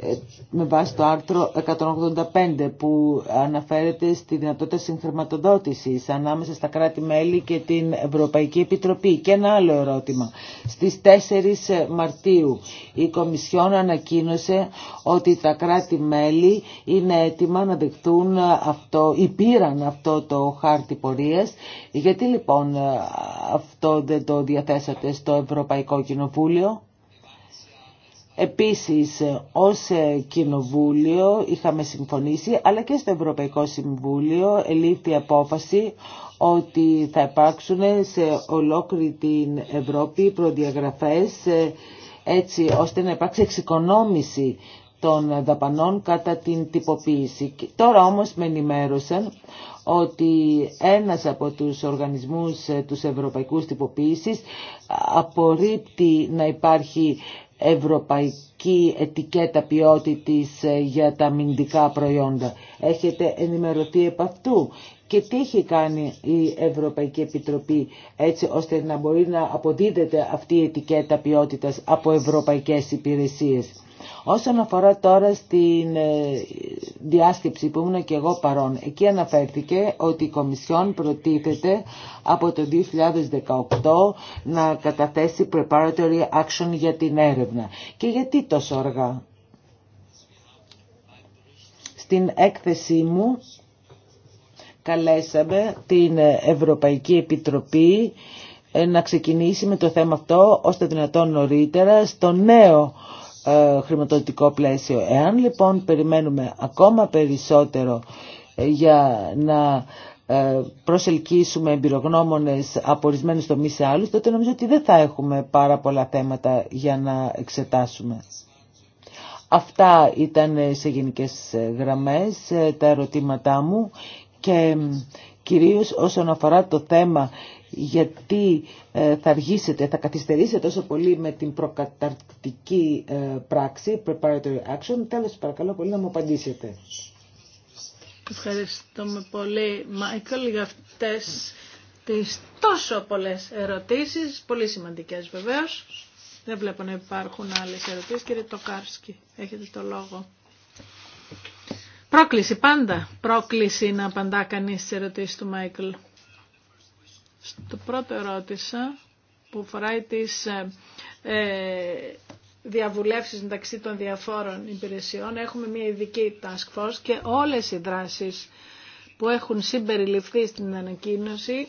ε, με βάση το άρθρο 185 που αναφέρεται στη δυνατότητα συγχρηματοδότησης ανάμεσα στα κράτη-μέλη και την Ευρωπαϊκή Επιτροπή. Και ένα άλλο ερώτημα. Στις 4 Μαρτίου η Κομισιόν ανακοίνωσε ότι τα κράτη-μέλη είναι έτοιμα να δεχτούν αυτό ή πήραν αυτό το χάρτη πορείας. Γιατί λοιπόν αυτό δεν το διαθέσατε στο Ευρωπαϊκό Κοινοβούλιο. Επίσης, ως Κοινοβούλιο είχαμε συμφωνήσει, αλλά και στο Ευρωπαϊκό Συμβούλιο ελήφθη απόφαση ότι θα υπάρξουν σε ολόκληρη την Ευρώπη προδιαγραφές ε, έτσι ώστε να υπάρξει εξοικονόμηση των δαπανών κατά την τυποποίηση. Τώρα όμως με ενημέρωσαν ότι ένας από τους οργανισμούς ε, τους ευρωπαϊκούς τυποποίησης απορρίπτει να υπάρχει ευρωπαϊκή ετικέτα ποιότητας ε, για τα αμυντικά προϊόντα. Έχετε ενημερωθεί επ' αυτού και τι έχει κάνει η Ευρωπαϊκή Επιτροπή έτσι ώστε να μπορεί να αποδίδεται αυτή η ετικέτα ποιότητας από ευρωπαϊκές υπηρεσίες. Όσον αφορά τώρα στην ε, διάσκεψη που ήμουν και εγώ παρόν, εκεί αναφέρθηκε ότι η Κομισιόν προτίθεται από το 2018 να καταθέσει preparatory action για την έρευνα. Και γιατί τόσο αργά. Στην έκθεσή μου καλέσαμε την Ευρωπαϊκή Επιτροπή ε, να ξεκινήσει με το θέμα αυτό ώστε δυνατόν νωρίτερα στο νέο ε, χρηματοδοτικό πλαίσιο. Εάν λοιπόν περιμένουμε ακόμα περισσότερο ε, για να ε, προσελκύσουμε εμπειρογνώμονες από ορισμένους τομείς σε άλλους, τότε νομίζω ότι δεν θα έχουμε πάρα πολλά θέματα για να εξετάσουμε. Αυτά ήταν σε γενικές γραμμές τα ερωτήματά μου και κυρίως όσον αφορά το θέμα γιατί ε, θα αργήσετε, θα καθυστερήσετε τόσο πολύ με την προκαταρκτική ε, πράξη, preparatory action. Τέλος, παρακαλώ πολύ να μου απαντήσετε. Ευχαριστούμε πολύ, Μάικλ, για αυτές τις τόσο πολλές ερωτήσεις, πολύ σημαντικές βεβαίως. Δεν βλέπω να υπάρχουν άλλες ερωτήσεις. Κύριε Τοκάρσκι, έχετε το λόγο. Πρόκληση πάντα. Πρόκληση να απαντά κανείς στις ερωτήσεις του Μάικλ το πρώτο ερώτησα που αφορά τις ε, ε, διαβουλεύσεις μεταξύ των διαφόρων υπηρεσιών έχουμε μια ειδική task force και όλες οι δράσεις που έχουν συμπεριληφθεί στην ανακοίνωση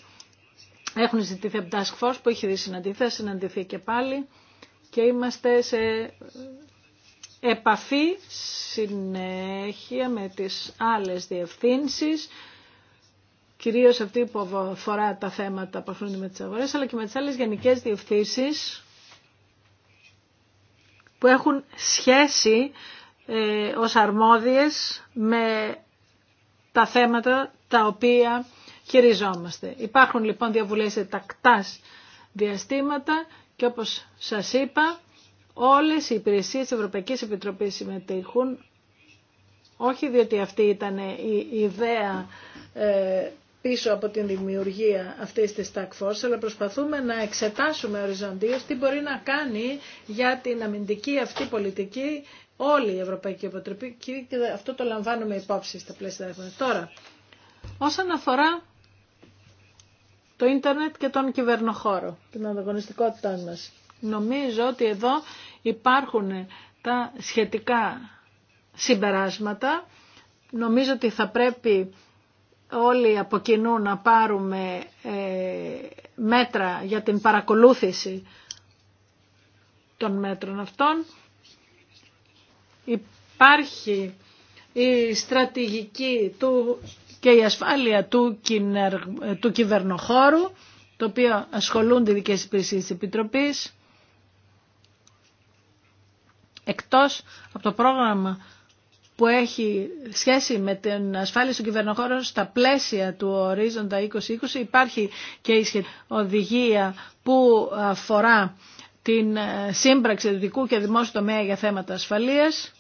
έχουν ζητηθεί από task force που έχει δει συναντηθεί, θα και πάλι και είμαστε σε επαφή συνέχεια με τις άλλες διευθύνσεις κυρίως αυτή που αφορά τα θέματα που αφορούν με τις αγορές, αλλά και με τις άλλες γενικές διευθύνσεις που έχουν σχέση ε, ως αρμόδιες με τα θέματα τα οποία χειριζόμαστε. Υπάρχουν λοιπόν διαβουλές σε τακτάς διαστήματα και όπως σας είπα όλες οι υπηρεσίες της Ευρωπαϊκής Επιτροπής συμμετείχουν όχι διότι αυτή ήταν η ιδέα ε, πίσω από την δημιουργία αυτής της Task Force, αλλά προσπαθούμε να εξετάσουμε οριζοντίως τι μπορεί να κάνει για την αμυντική αυτή πολιτική όλη η Ευρωπαϊκή Επιτροπή και αυτό το λαμβάνουμε υπόψη στα πλαίσια Τώρα, όσον αφορά το ίντερνετ και τον κυβερνοχώρο, την ανταγωνιστικότητά μας. Νομίζω ότι εδώ υπάρχουν τα σχετικά συμπεράσματα. Νομίζω ότι θα πρέπει όλοι από κοινού να πάρουμε ε, μέτρα για την παρακολούθηση των μέτρων αυτών. Υπάρχει η στρατηγική του και η ασφάλεια του, του κυβερνοχώρου, το οποίο ασχολούνται οι δικές υπηρεσίες της Επιτροπής, εκτός από το πρόγραμμα που έχει σχέση με την ασφάλεια του κυβερνοχώρο στα πλαίσια του ορίζοντα 2020 υπάρχει και η σχετική οδηγία που αφορά την ε, σύμπραξη του δικού και δημόσιου τομέα για θέματα ασφαλείας.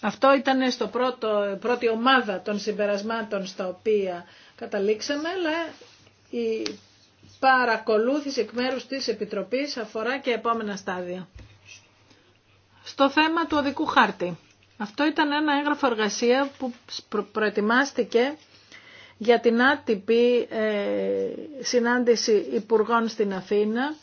Αυτό ήταν στο πρώτο, πρώτη ομάδα των συμπερασμάτων στα οποία καταλήξαμε, αλλά η παρακολούθηση εκ μέρους της Επιτροπής αφορά και επόμενα στάδια. Στο θέμα του οδικού χάρτη. Αυτό ήταν ένα έγγραφο εργασία που προετοιμάστηκε για την άτυπη ε, συνάντηση υπουργών στην Αθήνα.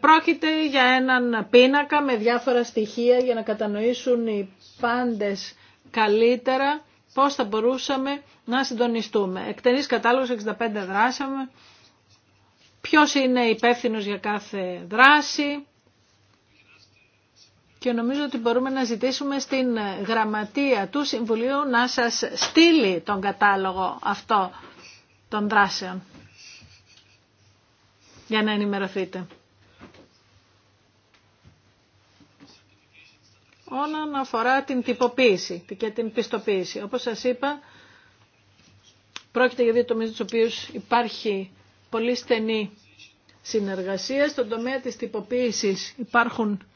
Πρόκειται για έναν πίνακα με διάφορα στοιχεία για να κατανοήσουν οι πάντες καλύτερα πώς θα μπορούσαμε να συντονιστούμε. Εκτενής κατάλογος 65 δράσαμε. Ποιος είναι υπεύθυνο για κάθε δράση και νομίζω ότι μπορούμε να ζητήσουμε στην γραμματεία του Συμβουλίου να σας στείλει τον κατάλογο αυτό των δράσεων για να ενημερωθείτε. Όλον αφορά την τυποποίηση και την πιστοποίηση. Όπως σας είπα, πρόκειται για δύο τομείς του οποίους υπάρχει πολύ στενή συνεργασία. Στον τομέα της τυποποίησης υπάρχουν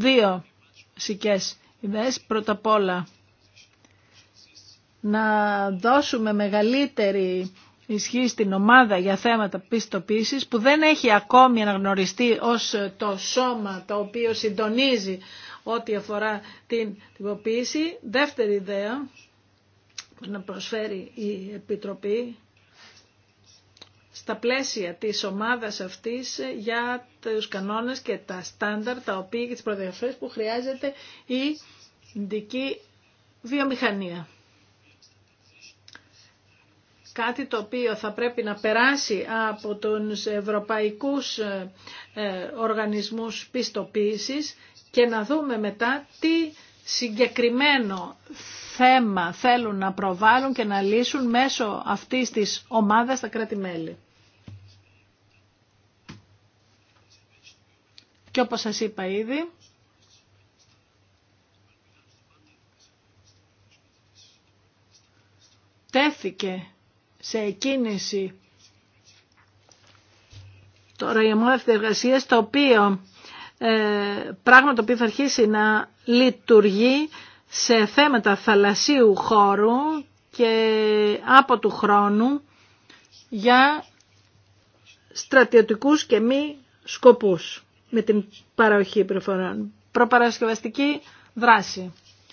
δύο σικές ιδέες. Πρώτα απ' όλα να δώσουμε μεγαλύτερη ισχύ στην ομάδα για θέματα πιστοποίησης που δεν έχει ακόμη αναγνωριστεί ως το σώμα το οποίο συντονίζει ό,τι αφορά την τυποποίηση. Δεύτερη ιδέα να προσφέρει η Επιτροπή στα πλαίσια της ομάδας αυτής για τους κανόνες και τα στάνταρ, τα οποία και τις που χρειάζεται η δική βιομηχανία. Κάτι το οποίο θα πρέπει να περάσει από τους ευρωπαϊκούς ε, οργανισμούς πιστοποίησης και να δούμε μετά τι συγκεκριμένο θέμα θέλουν να προβάλλουν και να λύσουν μέσω αυτής της ομάδας τα κράτη-μέλη. Και όπως σας είπα ήδη, τέθηκε σε εκκίνηση το ρογιαμό εργασία το οποίο ε, πράγμα το οποίο θα αρχίσει να λειτουργεί σε θέματα θαλασσίου χώρου και από του χρόνου για στρατιωτικούς και μη σκοπούς με την παροχή πληροφοριών. Προπαρασκευαστική δράση.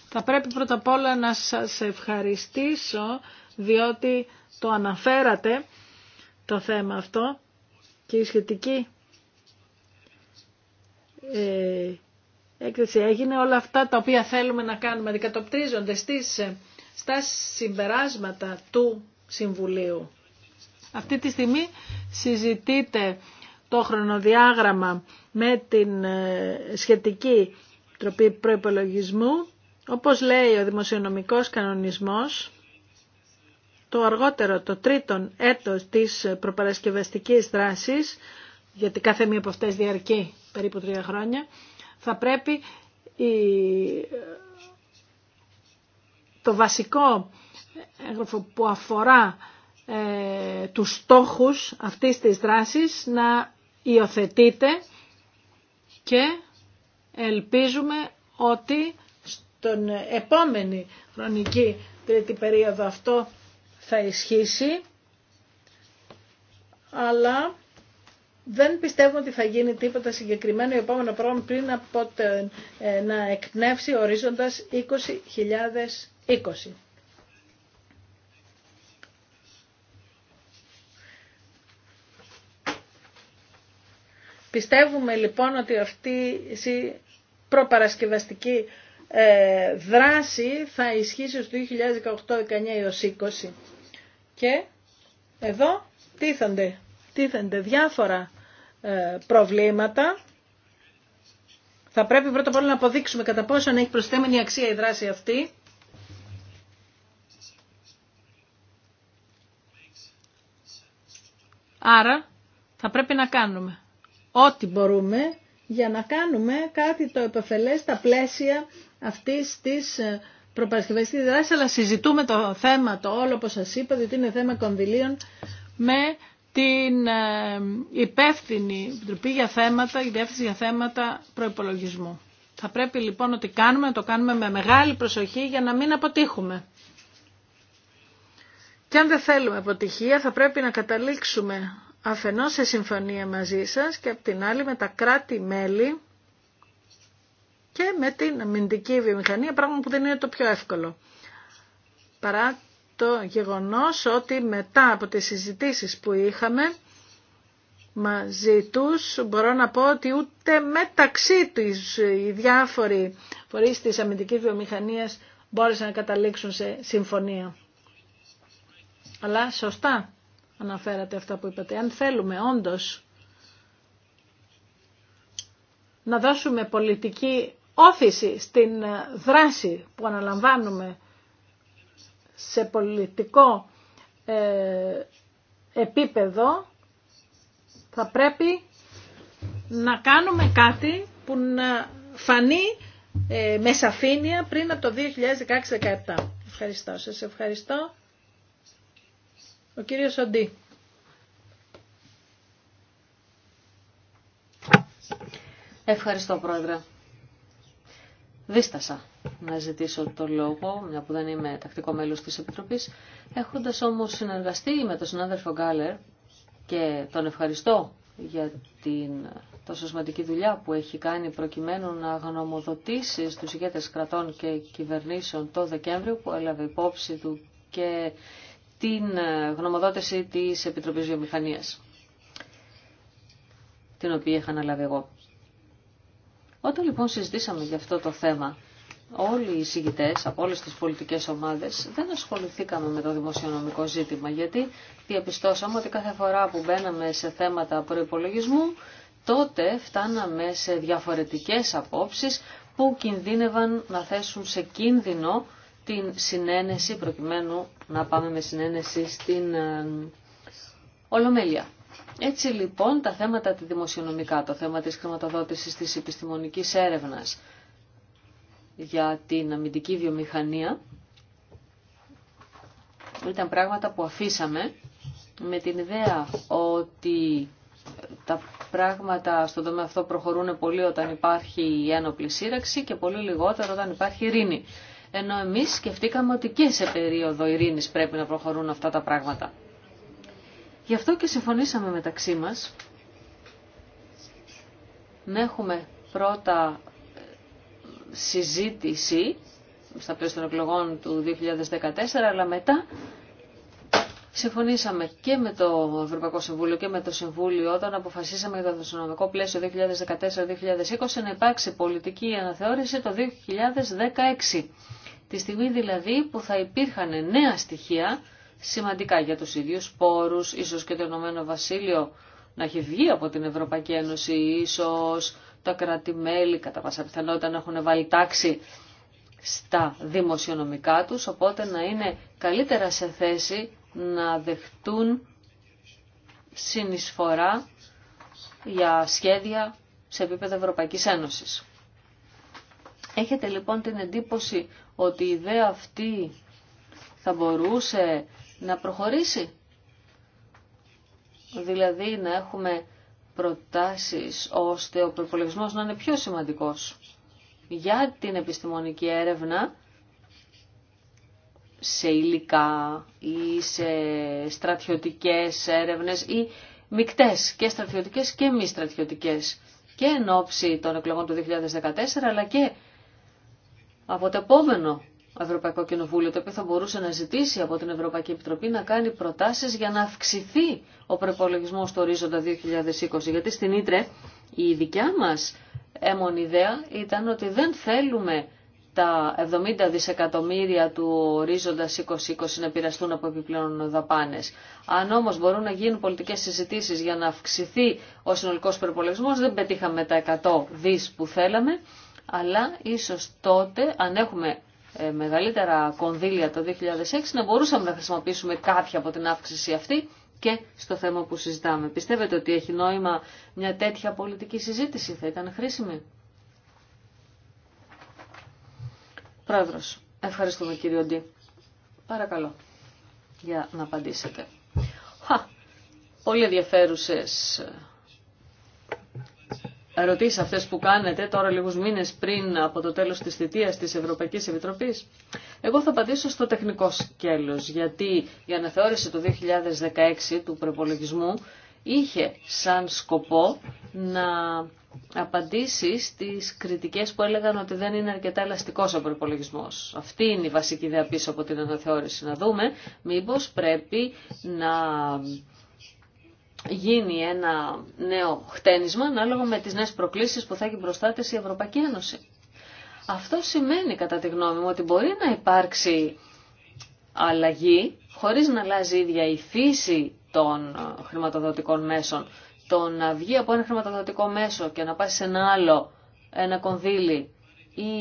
Θα πρέπει πρώτα απ' όλα να σας ευχαριστήσω διότι το αναφέρατε το θέμα αυτό και η σχετική ε, έκθεση έγινε. Όλα αυτά τα οποία θέλουμε να κάνουμε αντικατοπτρίζονται στις, στα συμπεράσματα του Συμβουλίου. Αυτή τη στιγμή συζητείται το χρονοδιάγραμμα με την ε, σχετική τροπή προϋπολογισμού. Όπως λέει ο δημοσιονομικός κανονισμός, το αργότερο, το τρίτον έτος της προπαρασκευαστικής δράσης, γιατί κάθε μία από αυτές διαρκεί περίπου τρία χρόνια, θα πρέπει η... το βασικό έγγραφο που αφορά ε, τους στόχους αυτής της δράσης να Υιοθετείτε και ελπίζουμε ότι στον επόμενη χρονική τρίτη περίοδο αυτό θα ισχύσει, αλλά δεν πιστεύουμε ότι θα γίνει τίποτα συγκεκριμένο η επόμενο πρόγραμμα πριν από το, ε, να εκπνεύσει ορίζοντας 20.020. Πιστεύουμε λοιπόν ότι αυτή η προπαρασκευαστική ε, δράση θα ισχύσει στο 2018, 19 20. Και εδώ τίθενται, τίθενται διάφορα ε, προβλήματα. Θα πρέπει πρώτα απ' όλα να αποδείξουμε κατά πόσο έχει προσθέμενη αξία η δράση αυτή. Άρα θα πρέπει να κάνουμε ό,τι μπορούμε για να κάνουμε κάτι το επεφελές στα πλαίσια αυτής της ε, προπαρασκευαστικής δράσης, αλλά συζητούμε το θέμα, το όλο όπως σας είπα, διότι είναι θέμα κονδυλίων, με την ε, υπεύθυνη επιτροπή για θέματα, η διεύθυνση για θέματα προϋπολογισμού. Θα πρέπει λοιπόν ότι κάνουμε, το κάνουμε με μεγάλη προσοχή για να μην αποτύχουμε. Και αν δεν θέλουμε αποτυχία θα πρέπει να καταλήξουμε αφενός σε συμφωνία μαζί σας και από την άλλη με τα κράτη-μέλη και με την αμυντική βιομηχανία, πράγμα που δεν είναι το πιο εύκολο. Παρά το γεγονός ότι μετά από τις συζητήσεις που είχαμε μαζί τους, μπορώ να πω ότι ούτε μεταξύ τους οι διάφοροι φορείς της αμυντικής βιομηχανίας μπόρεσαν να καταλήξουν σε συμφωνία. Αλλά σωστά αναφέρατε αυτά που είπατε. Αν θέλουμε όντως να δώσουμε πολιτική όθηση στην δράση που αναλαμβάνουμε σε πολιτικό ε, επίπεδο, θα πρέπει να κάνουμε κάτι που να φανεί ε, με σαφήνεια πριν από το 2016-2017. Ευχαριστώ σας. Ευχαριστώ. Ο κύριος Αντί. Ευχαριστώ πρόεδρε. Δίστασα να ζητήσω το λόγο, μια που δεν είμαι τακτικό μέλος της Επιτροπής, έχοντας όμως συνεργαστεί με τον συνάδελφο Γκάλερ και τον ευχαριστώ για την τόσο σημαντική δουλειά που έχει κάνει προκειμένου να γνωμοδοτήσει στους ηγέτες κρατών και κυβερνήσεων το Δεκέμβριο που έλαβε υπόψη του και την ε, γνωμοδότηση της Επιτροπής Βιομηχανίας, την οποία είχα αναλάβει εγώ. Όταν λοιπόν συζητήσαμε για αυτό το θέμα, όλοι οι συγητές από όλες τις πολιτικές ομάδες δεν ασχοληθήκαμε με το δημοσιονομικό ζήτημα, γιατί διαπιστώσαμε ότι κάθε φορά που μπαίναμε σε θέματα προϋπολογισμού, τότε φτάναμε σε διαφορετικές απόψεις που κινδύνευαν να θέσουν σε κίνδυνο την συνένεση προκειμένου να πάμε με συνένεση στην ε, Ολομέλεια. Έτσι λοιπόν τα θέματα τη δημοσιονομικά, το θέμα της χρηματοδότησης της επιστημονικής έρευνας για την αμυντική βιομηχανία ήταν πράγματα που αφήσαμε με την ιδέα ότι τα πράγματα στον τομέα αυτό προχωρούν πολύ όταν υπάρχει η ένοπλη σύραξη και πολύ λιγότερο όταν υπάρχει ειρήνη ενώ εμείς σκεφτήκαμε ότι και σε περίοδο ειρήνης πρέπει να προχωρούν αυτά τα πράγματα. Γι' αυτό και συμφωνήσαμε μεταξύ μας να έχουμε πρώτα ε, συζήτηση στα πλαίσια των εκλογών του 2014, αλλά μετά Συμφωνήσαμε και με το Ευρωπαϊκό Συμβούλιο και με το Συμβούλιο όταν αποφασίσαμε για το δημοσιονομικό πλαίσιο 2014-2020 να υπάρξει πολιτική αναθεώρηση το 2016. Τη στιγμή δηλαδή που θα υπήρχαν νέα στοιχεία σημαντικά για τους ίδιους πόρους, ίσως και το Ηνωμένο Βασίλειο να έχει βγει από την Ευρωπαϊκή Ένωση, ίσως τα κρατη κατά πάσα πιθανότητα να έχουν βάλει τάξη στα δημοσιονομικά τους, οπότε να είναι καλύτερα σε θέση να δεχτούν συνεισφορά για σχέδια σε επίπεδο Ευρωπαϊκής Ένωσης. Έχετε λοιπόν την εντύπωση ότι η ιδέα αυτή θα μπορούσε να προχωρήσει. Δηλαδή να έχουμε προτάσεις ώστε ο προπολογισμό να είναι πιο σημαντικός για την επιστημονική έρευνα σε υλικά ή σε στρατιωτικές έρευνες ή μικτές και στρατιωτικές και μη στρατιωτικές και εν ώψη των εκλογών του 2014 αλλά και από το επόμενο Ευρωπαϊκό Κοινοβούλιο το οποίο θα μπορούσε να ζητήσει από την Ευρωπαϊκή Επιτροπή να κάνει προτάσεις για να αυξηθεί ο προπολογισμό του ορίζοντα 2020 γιατί στην Ήτρε η δικιά μας έμονη ιδέα ήταν ότι δεν θέλουμε τα 70 δισεκατομμύρια του ορίζοντα 2020 να πειραστούν από επιπλέον δαπάνε. Αν όμω μπορούν να γίνουν πολιτικέ συζητήσει για να αυξηθεί ο συνολικό προπολογισμό, δεν πετύχαμε τα 100 δι που θέλαμε, αλλά ίσω τότε, αν έχουμε ε, μεγαλύτερα κονδύλια το 2006, να μπορούσαμε να χρησιμοποιήσουμε κάποια από την αύξηση αυτή και στο θέμα που συζητάμε. Πιστεύετε ότι έχει νόημα μια τέτοια πολιτική συζήτηση, θα ήταν χρήσιμη. Πρόεδρος, ευχαριστούμε κύριο Ντί. Παρακαλώ για να απαντήσετε. Χα, πολύ ενδιαφέρουσες ερωτήσεις αυτές που κάνετε τώρα λίγους μήνες πριν από το τέλος της θητείας της Ευρωπαϊκής Επιτροπής. Εγώ θα απαντήσω στο τεχνικό σκέλος, γιατί η αναθεώρηση του 2016 του προπολογισμού είχε σαν σκοπό να απαντήσεις, στις κριτικές που έλεγαν ότι δεν είναι αρκετά ελαστικός ο προπολογισμό. Αυτή είναι η βασική ιδέα πίσω από την αναθεώρηση. Να δούμε μήπως πρέπει να γίνει ένα νέο χτένισμα ανάλογα με τις νέες προκλήσεις που θα έχει μπροστά της η Ευρωπαϊκή Ένωση. Αυτό σημαίνει κατά τη γνώμη μου ότι μπορεί να υπάρξει αλλαγή χωρίς να αλλάζει η ίδια η φύση των χρηματοδοτικών μέσων το να βγει από ένα χρηματοδοτικό μέσο και να πάει σε ένα άλλο, ένα κονδύλι ή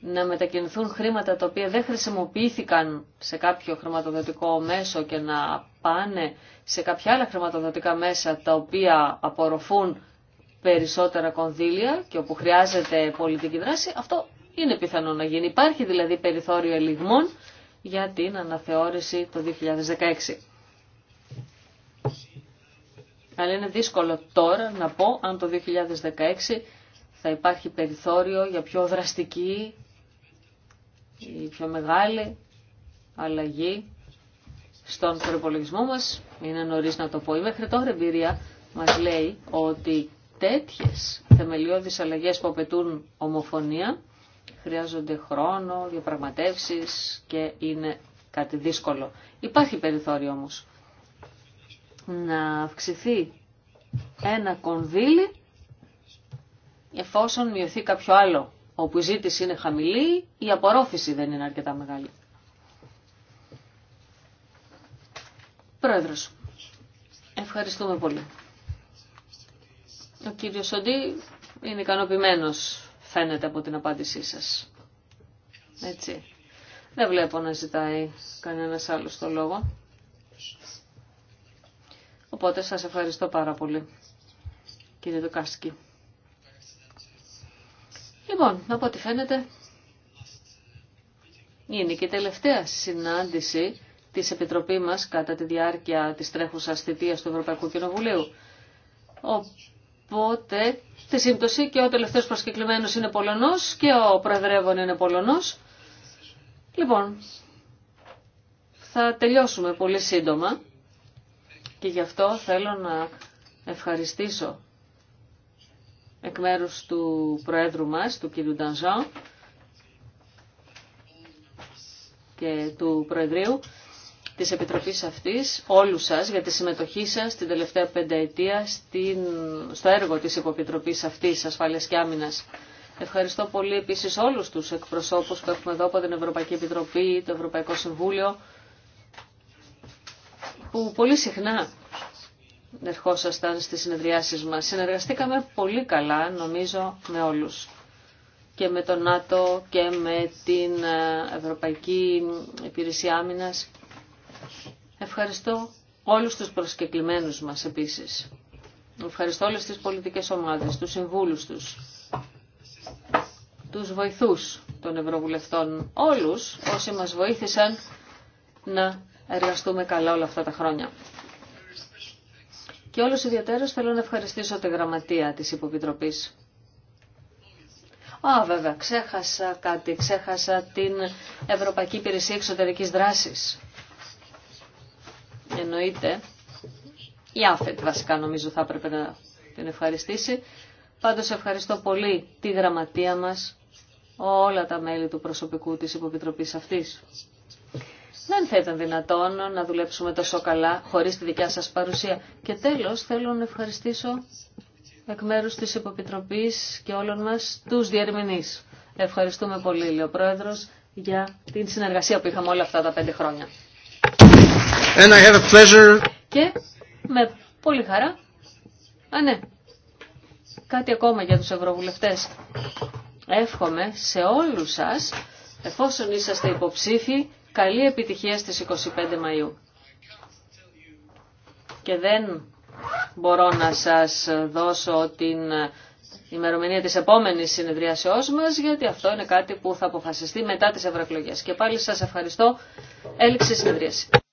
να μετακινηθούν χρήματα τα οποία δεν χρησιμοποιήθηκαν σε κάποιο χρηματοδοτικό μέσο και να πάνε σε κάποια άλλα χρηματοδοτικά μέσα τα οποία απορροφούν περισσότερα κονδύλια και όπου χρειάζεται πολιτική δράση, αυτό είναι πιθανό να γίνει. Υπάρχει δηλαδή περιθώριο ελιγμών για την αναθεώρηση το 2016. Αλλά είναι δύσκολο τώρα να πω αν το 2016 θα υπάρχει περιθώριο για πιο δραστική ή πιο μεγάλη αλλαγή στον προπολογισμό μας. Είναι νωρίς να το πω. Η μέχρι τώρα εμπειρία μας λέει ότι τέτοιες θεμελιώδεις αλλαγές που απαιτούν ομοφωνία χρειάζονται χρόνο, διαπραγματεύσεις και είναι κάτι δύσκολο. Υπάρχει περιθώριο όμως να αυξηθεί ένα κονδύλι εφόσον μειωθεί κάποιο άλλο όπου η ζήτηση είναι χαμηλή, η απορρόφηση δεν είναι αρκετά μεγάλη. Πρόεδρος, ευχαριστούμε πολύ. Ο κύριος Σοντή είναι ικανοποιημένο φαίνεται από την απάντησή σας. Έτσι. Δεν βλέπω να ζητάει κανένας άλλος το λόγο. Οπότε σας ευχαριστώ πάρα πολύ, κύριε Δουκάσκη. Λοιπόν, από ό,τι φαίνεται, είναι και η τελευταία συνάντηση της Επιτροπή μας κατά τη διάρκεια της τρέχουσας θητείας του Ευρωπαϊκού Κοινοβουλίου. Οπότε, τη σύμπτωση και ο τελευταίος προσκεκλημένος είναι Πολωνός και ο Προεδρεύων είναι Πολωνός. Λοιπόν, θα τελειώσουμε πολύ σύντομα και γι' αυτό θέλω να ευχαριστήσω εκ μέρους του Προέδρου μας, του κ. Ντανζό και του Προεδρείου της Επιτροπής αυτής, όλους σας για τη συμμετοχή σας την τελευταία πενταετία στην, στο έργο της Επιτροπής αυτής Ασφάλειας και Άμυνας. Ευχαριστώ πολύ επίσης όλους τους εκπροσώπους που έχουμε εδώ από την Ευρωπαϊκή Επιτροπή, το Ευρωπαϊκό Συμβούλιο, που πολύ συχνά ερχόσασταν στις συνεδριάσεις μας. Συνεργαστήκαμε πολύ καλά, νομίζω, με όλους. Και με το ΝΑΤΟ και με την ε, Ευρωπαϊκή Υπηρεσία Άμυνας. Ευχαριστώ όλους τους προσκεκλημένους μας επίσης. Ευχαριστώ όλες τις πολιτικές ομάδες, τους συμβούλους τους, τους βοηθούς των Ευρωβουλευτών, όλους όσοι μας βοήθησαν να εργαστούμε καλά όλα αυτά τα χρόνια. Και όλος ιδιαιτέρως θέλω να ευχαριστήσω τη γραμματεία της Υποπιτροπής. Α, βέβαια, ξέχασα κάτι, ξέχασα την Ευρωπαϊκή Υπηρεσία Εξωτερικής Δράσης. Εννοείται, η ΑΦΕΤ βασικά νομίζω θα έπρεπε να την ευχαριστήσει. Πάντως ευχαριστώ πολύ τη γραμματεία μας, όλα τα μέλη του προσωπικού της Υποπιτροπής αυτής δεν θα ήταν δυνατόν να δουλέψουμε τόσο καλά χωρίς τη δικιά σας παρουσία. Και τέλος θέλω να ευχαριστήσω εκ μέρους της Υποπιτροπής και όλων μας τους διερμηνείς. Ευχαριστούμε πολύ, λέει Πρόεδρος, για την συνεργασία που είχαμε όλα αυτά τα πέντε χρόνια. And I have a pleasure. Και με πολύ χαρά. Α, ναι. Κάτι ακόμα για τους ευρωβουλευτές. Εύχομαι σε όλους σας, εφόσον είσαστε υποψήφοι, Καλή επιτυχία στις 25 Μαΐου. Και δεν μπορώ να σας δώσω την ημερομηνία της επόμενης συνεδριάσεώς μας, γιατί αυτό είναι κάτι που θα αποφασιστεί μετά τις ευρωεκλογές. Και πάλι σας ευχαριστώ. έλξη συνεδρίαση.